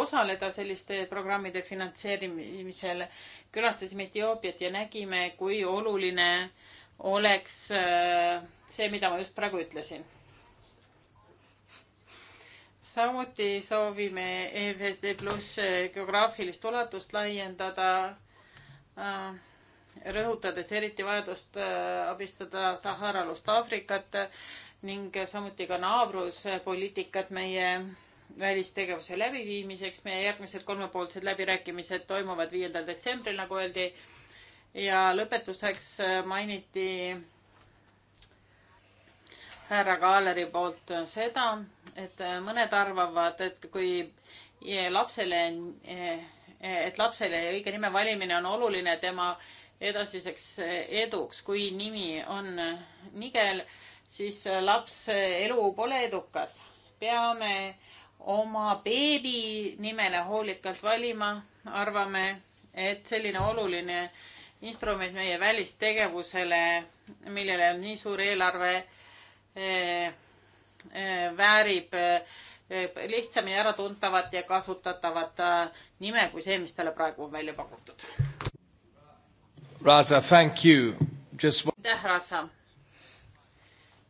osaleda selliste programmide finantseerimisel. külastasime Etioopiat ja nägime, kui oluline oleks äh, see, mida ma just praegu ütlesin. samuti soovime EFSD pluss äh, geograafilist ulatust laiendada, äh, rõhutades eriti vajadust abistada Sahara-alust Aafrikat ning samuti ka naabruspoliitikat meie välistegevuse läbiviimiseks. meie järgmised kolmepoolsed läbirääkimised toimuvad viiendal detsembril, nagu öeldi ja lõpetuseks äh, mainiti härra Kaaleri poolt seda, et äh, mõned arvavad, et kui äh, lapsele, et lapsele õige nime valimine on oluline tema edasiseks eduks, kui nimi on nigel, siis lapse elu pole edukas. peame oma beebi nimele hoolikalt valima, arvame, et selline oluline äh, instrument meie välistegevusele, millele on nii suur eelarve eh, eh, väärib eh, lihtsamini äratuntavat ja kasutatavat nime kui see, mis talle praegu on välja pakutud. Raza, thank you. Just. aitäh, Raza.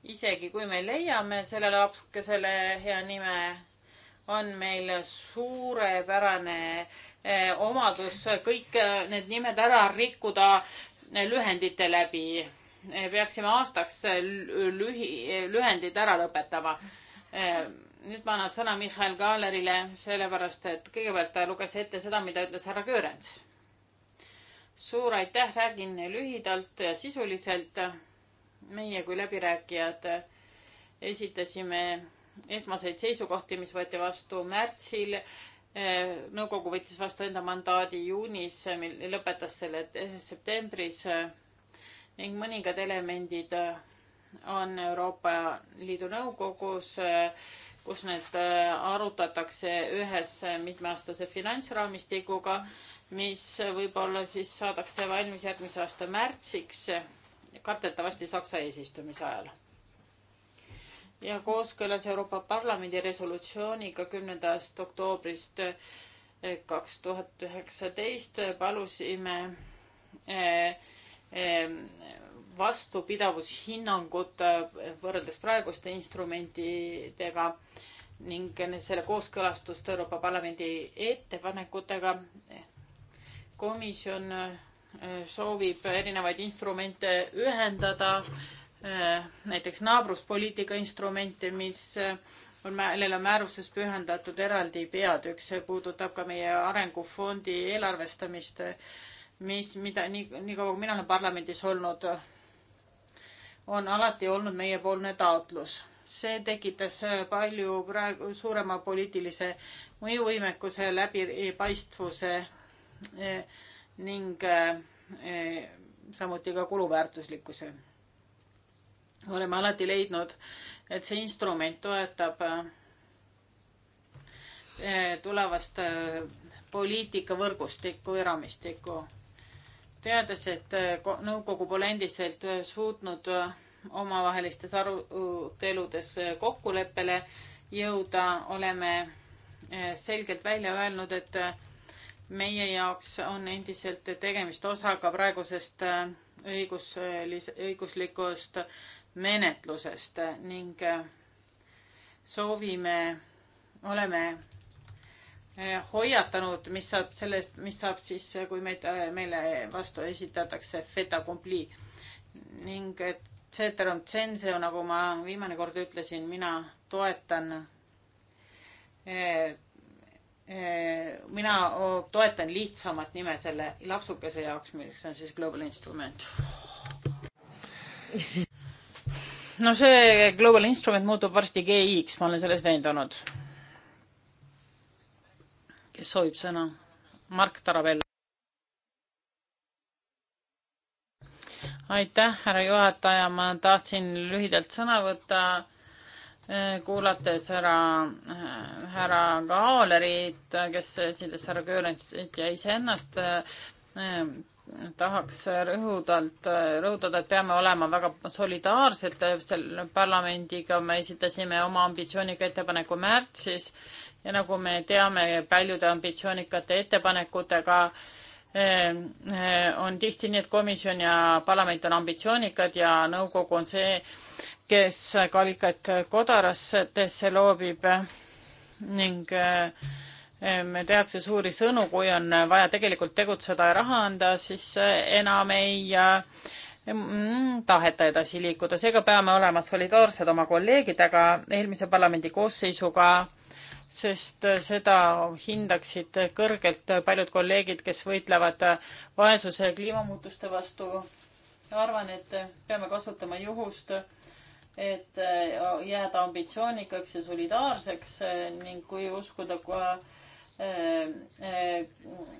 isegi kui me leiame sellele lapsukesele hea nime, on meil suurepärane eh, omadus kõik eh, need nimed ära rikkuda eh, lühendite läbi. peaksime aastaks lühi, lühendid ära lõpetama. nüüd ma annan sõna Mihhail Kaalerile, sellepärast et kõigepealt ta luges ette seda, mida ütles härra Köörents. suur aitäh, räägin lühidalt ja sisuliselt. meie kui läbirääkijad esitasime esmaseid seisukohti, mis võeti vastu märtsil. Eh, nõukogu võttis vastu enda mandaadi juunis, eh, mil lõpetas selle eh, septembris ning mõningad elemendid on Euroopa Liidu Nõukogus, kus need arutatakse ühes mitmeaastase finantsraamistikuga, mis võib-olla siis saadakse valmis järgmise aasta märtsiks, kardetavasti Saksa eesistumise ajal ja kooskõlas Euroopa Parlamendi resolutsiooniga kümnendast oktoobrist eh, kaks tuhat üheksateist palusime eh, eh, vastupidavushinnangut võrreldes praeguste instrumentidega ning selle kooskõlastust Euroopa Parlamendi ettepanekutega. komisjon soovib erinevaid instrumente ühendada Äh, näiteks naabruspoliitika instrumente, mis äh, on, millele on määruses pühendatud eraldi peatükk, see puudutab ka meie arengufondi eelarvestamist, äh, mis, mida nii, niikaua kui mina olen parlamendis olnud, on alati olnud meiepoolne taotlus. see tekitas palju praegu suurema poliitilise mõjuvõimekuse, läbipaistvuse ning samuti ka kuluväärtuslikkuse oleme alati leidnud, et see instrument toetab eh, tulevast eh, poliitikavõrgustikku ja raamistikku. teades, et eh, nõukogu pole endiselt suutnud omavahelistes aruteludes kokkuleppele jõuda, oleme selgelt välja öelnud, et meie jaoks on endiselt tegemist osaga praegusest õigus, õiguslikust menetlusest ning äh, soovime, oleme äh, hoiatanud, mis saab sellest, mis saab siis, kui meid, äh, meile vastu esitatakse feta kompli ning et ceterum censeo, nagu ma viimane kord ütlesin, mina toetan eh, eh, mina toetan lihtsamat nime selle lapsukese jaoks, milleks on siis Global Instrument no see Global Instrument muutub varsti GI-ks, ma olen selles veendunud. kes soovib sõna? Mark Tarabell. aitäh, härra juhataja, ma tahtsin lühidalt sõna võtta, eh, kuulates härra, eh, härra Kaalerit, kes esindas härra Göransit ja iseennast eh, tahaks rõhudalt, rõhutada, et peame olema väga solidaarsed selle parlamendiga, me esitasime oma ambitsiooniga ettepaneku märtsis ja nagu me teame, paljude ambitsioonikate ettepanekutega eh, eh, on tihti nii, et komisjon ja parlament on ambitsioonikad ja nõukogu on see, kes kalikaid kodaratesse loobib ning äh, me tehakse suuri sõnu, kui on vaja tegelikult tegutseda ja raha anda, siis enam ei mm, taheta edasi liikuda, seega peame olema solidaarsed oma kolleegidega, eelmise parlamendi koosseisuga, sest seda hindaksid kõrgelt paljud kolleegid, kes võitlevad vaesuse ja kliimamuutuste vastu. arvan, et peame kasutama juhust et jääda ambitsioonikaks ja solidaarseks ning kui uskuda ka Äh, äh,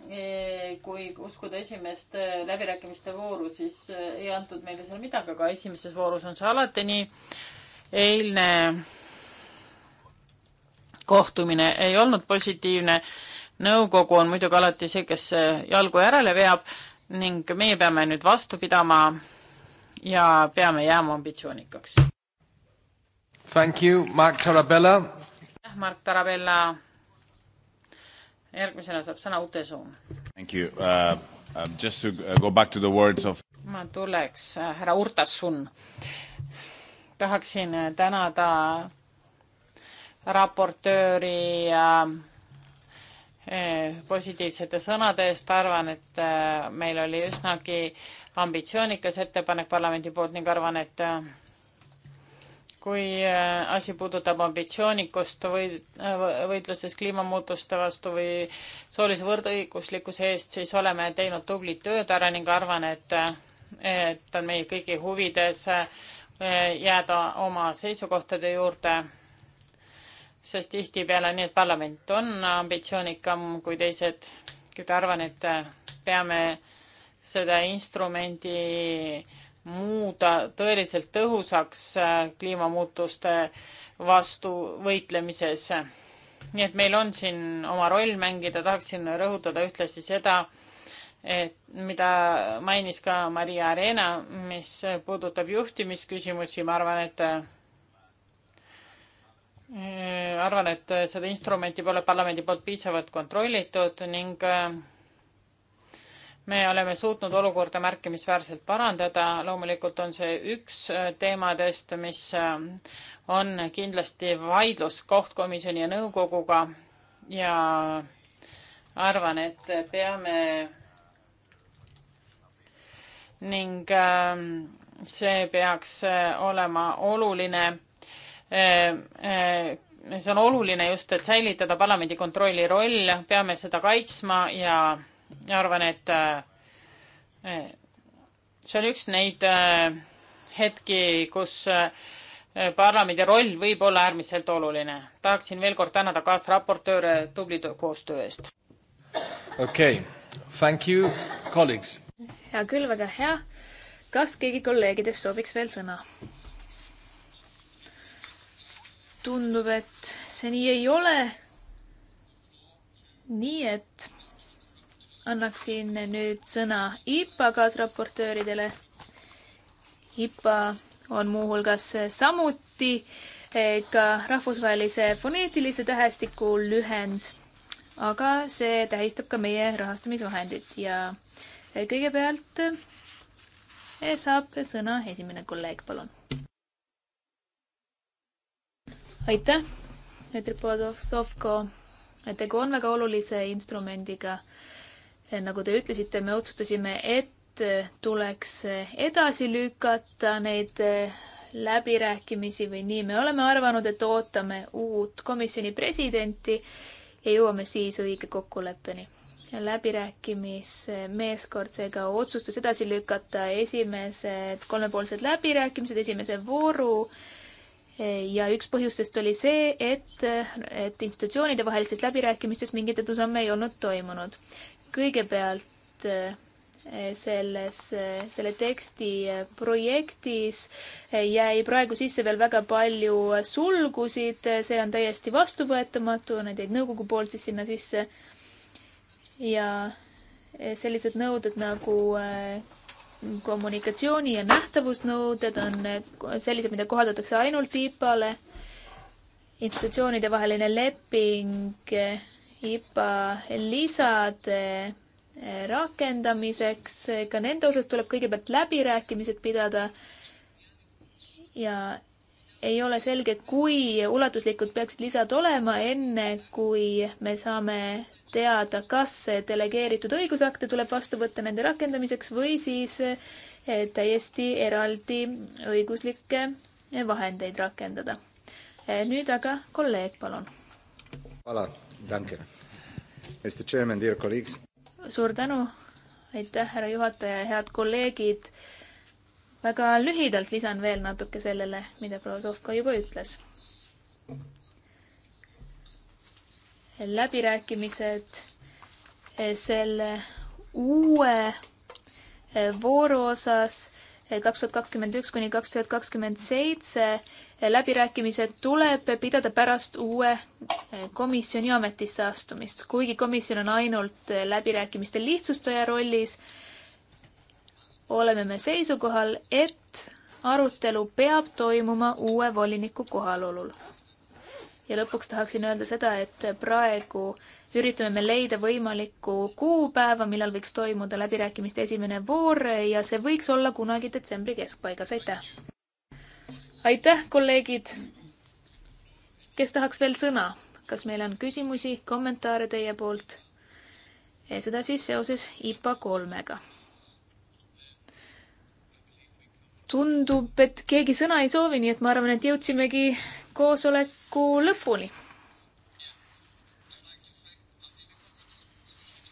äh, kui uskuda esimest läbirääkimiste vooru, siis ei antud meile seal midagi, aga esimeses voorus on see alati nii. eilne kohtumine ei olnud positiivne. nõukogu on muidugi alati see, kes jalgu järele veab ning meie peame nüüd vastu pidama ja peame jääma ambitsioonikaks. Thank you, Mark Tarabella. Mark Tarabella järgmisena saab sõna Ute Soom. Thank you uh,. Um, just to uh, go back to the words of. ma tuleks uh, härra Urtasun. tahaksin uh, tänada raportööri ja um, positiivsete sõnade eest, arvan, et meil oli üsnagi ambitsioonikas ettepanek parlamendi poolt ning arvan, et kui äh, asi puudutab ambitsioonikust või äh, võitluses kliimamuutuste vastu või soolise võrdõiguslikkuse eest, siis oleme teinud tublit tööd ära ning arvan, et, et on meie kõigi huvides äh, jääda oma seisukohtade juurde, sest tihtipeale on nii, et parlament on ambitsioonikam kui teised, kuid arvan, et peame seda instrumendi muuda tõeliselt tõhusaks äh, kliimamuutuste vastu võitlemises. nii et meil on siin oma roll mängida, tahaksin rõhutada ühtlasi seda, et mida mainis ka Maria Arena, mis puudutab juhtimisküsimusi, ma arvan, et äh, arvan, et seda instrumenti pole parlamendi poolt piisavalt kontrollitud ning äh, me oleme suutnud olukorda märkimisväärselt parandada, loomulikult on see üks äh, teemadest, mis äh, on kindlasti vaidluskoht komisjoni ja nõukoguga ja arvan, et peame ning äh, see peaks olema oluline. see on oluline just, et säilitada parlamendi kontrolli roll, peame seda kaitsma ja arvan, et äh, see on üks neid äh, hetki, kus äh, parlamendi roll võib olla äärmiselt oluline. tahaksin veel kord tänada kaasraportööre tubli koostöö eest. okei okay., thank you, colleagues. hea küll, väga hea. kas keegi kolleegidest sooviks veel sõna? tundub, et see nii ei ole. nii et annaksin nüüd sõna IPA kaasraportööridele. IPA on muuhulgas samuti eh, ka rahvusvahelise foneetilise tähestiku lühend, aga see tähistab ka meie rahastamisvahendit ja eh, kõigepealt eh, saab sõna esimene kolleeg, palun. aitäh, Dmitri Podovsovko. tegu on väga olulise instrumendiga nagu te ütlesite, me otsustasime, et tuleks edasi lükata neid läbirääkimisi või nii me oleme arvanud, et ootame uut komisjoni presidenti ja jõuame siis õige kokkuleppeni. läbirääkimismeeskord seega otsustas edasi lükata esimesed kolmepoolsed läbirääkimised, esimese vooru ja üks põhjustest oli see, et, et institutsioonide vahelistes läbirääkimistes mingeid edusamme ei olnud toimunud kõigepealt eh, selles, eh, selle teksti eh, projektis jäi praegu sisse veel väga palju sulgusid, see on täiesti vastuvõetamatu, need jäid nõukogu poolt siis sinna sisse. ja sellised nõuded nagu kommunikatsiooni ja nähtavusnõuded on sellised, mida kohaldatakse ainult IPA-le. institutsioonide vaheline leping IPA lisade eh, rakendamiseks, ka nende osas tuleb kõigepealt läbirääkimised pidada. ja ei ole selge, kui ulatuslikud peaksid lisad olema, enne kui me saame teada, kas delegeeritud õigusakte tuleb vastu võtta nende rakendamiseks või siis eh, täiesti eraldi õiguslikke vahendeid rakendada. Eh, nüüd aga kolleeg, palun. Ala, tänke Mr Chairman, dear colleagues. suur tänu, aitäh, härra juhataja ja head kolleegid. väga lühidalt lisan veel natuke sellele, mida proua Sovka juba ütles. läbirääkimised eh, selle uue eh, vooru osas Eh, kaks tuhat kakskümmend üks kuni kaks tuhat kakskümmend seitse. Eh, läbirääkimised tuleb pidada pärast uue eh, komisjoni ametisse astumist, kuigi komisjon on ainult läbirääkimiste lihtsustaja rollis. oleme me seisukohal, et arutelu peab toimuma uue voliniku kohalolul. ja lõpuks tahaksin öelda seda, et praegu üritame me leida võimalikku kuupäeva, millal võiks toimuda läbirääkimiste esimene voor ja see võiks olla kunagi detsembri keskpaigas, aitäh! aitäh, kolleegid! kes tahaks veel sõna, kas meil on küsimusi, kommentaare teie poolt? seda siis seoses IPA kolmega. tundub, et keegi sõna ei soovi, nii et ma arvan, et jõudsimegi koosoleku lõpuni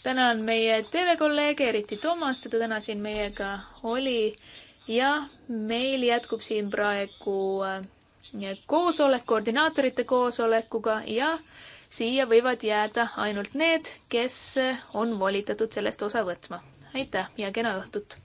tänan meie TV-kolleege, eriti Toomast, teda täna siin meiega oli. ja meil jätkub siin praegu äh, koosolek koordinaatorite koosolekuga ja siia võivad jääda ainult need, kes äh, on volitatud sellest osa võtma. aitäh ja kena õhtut!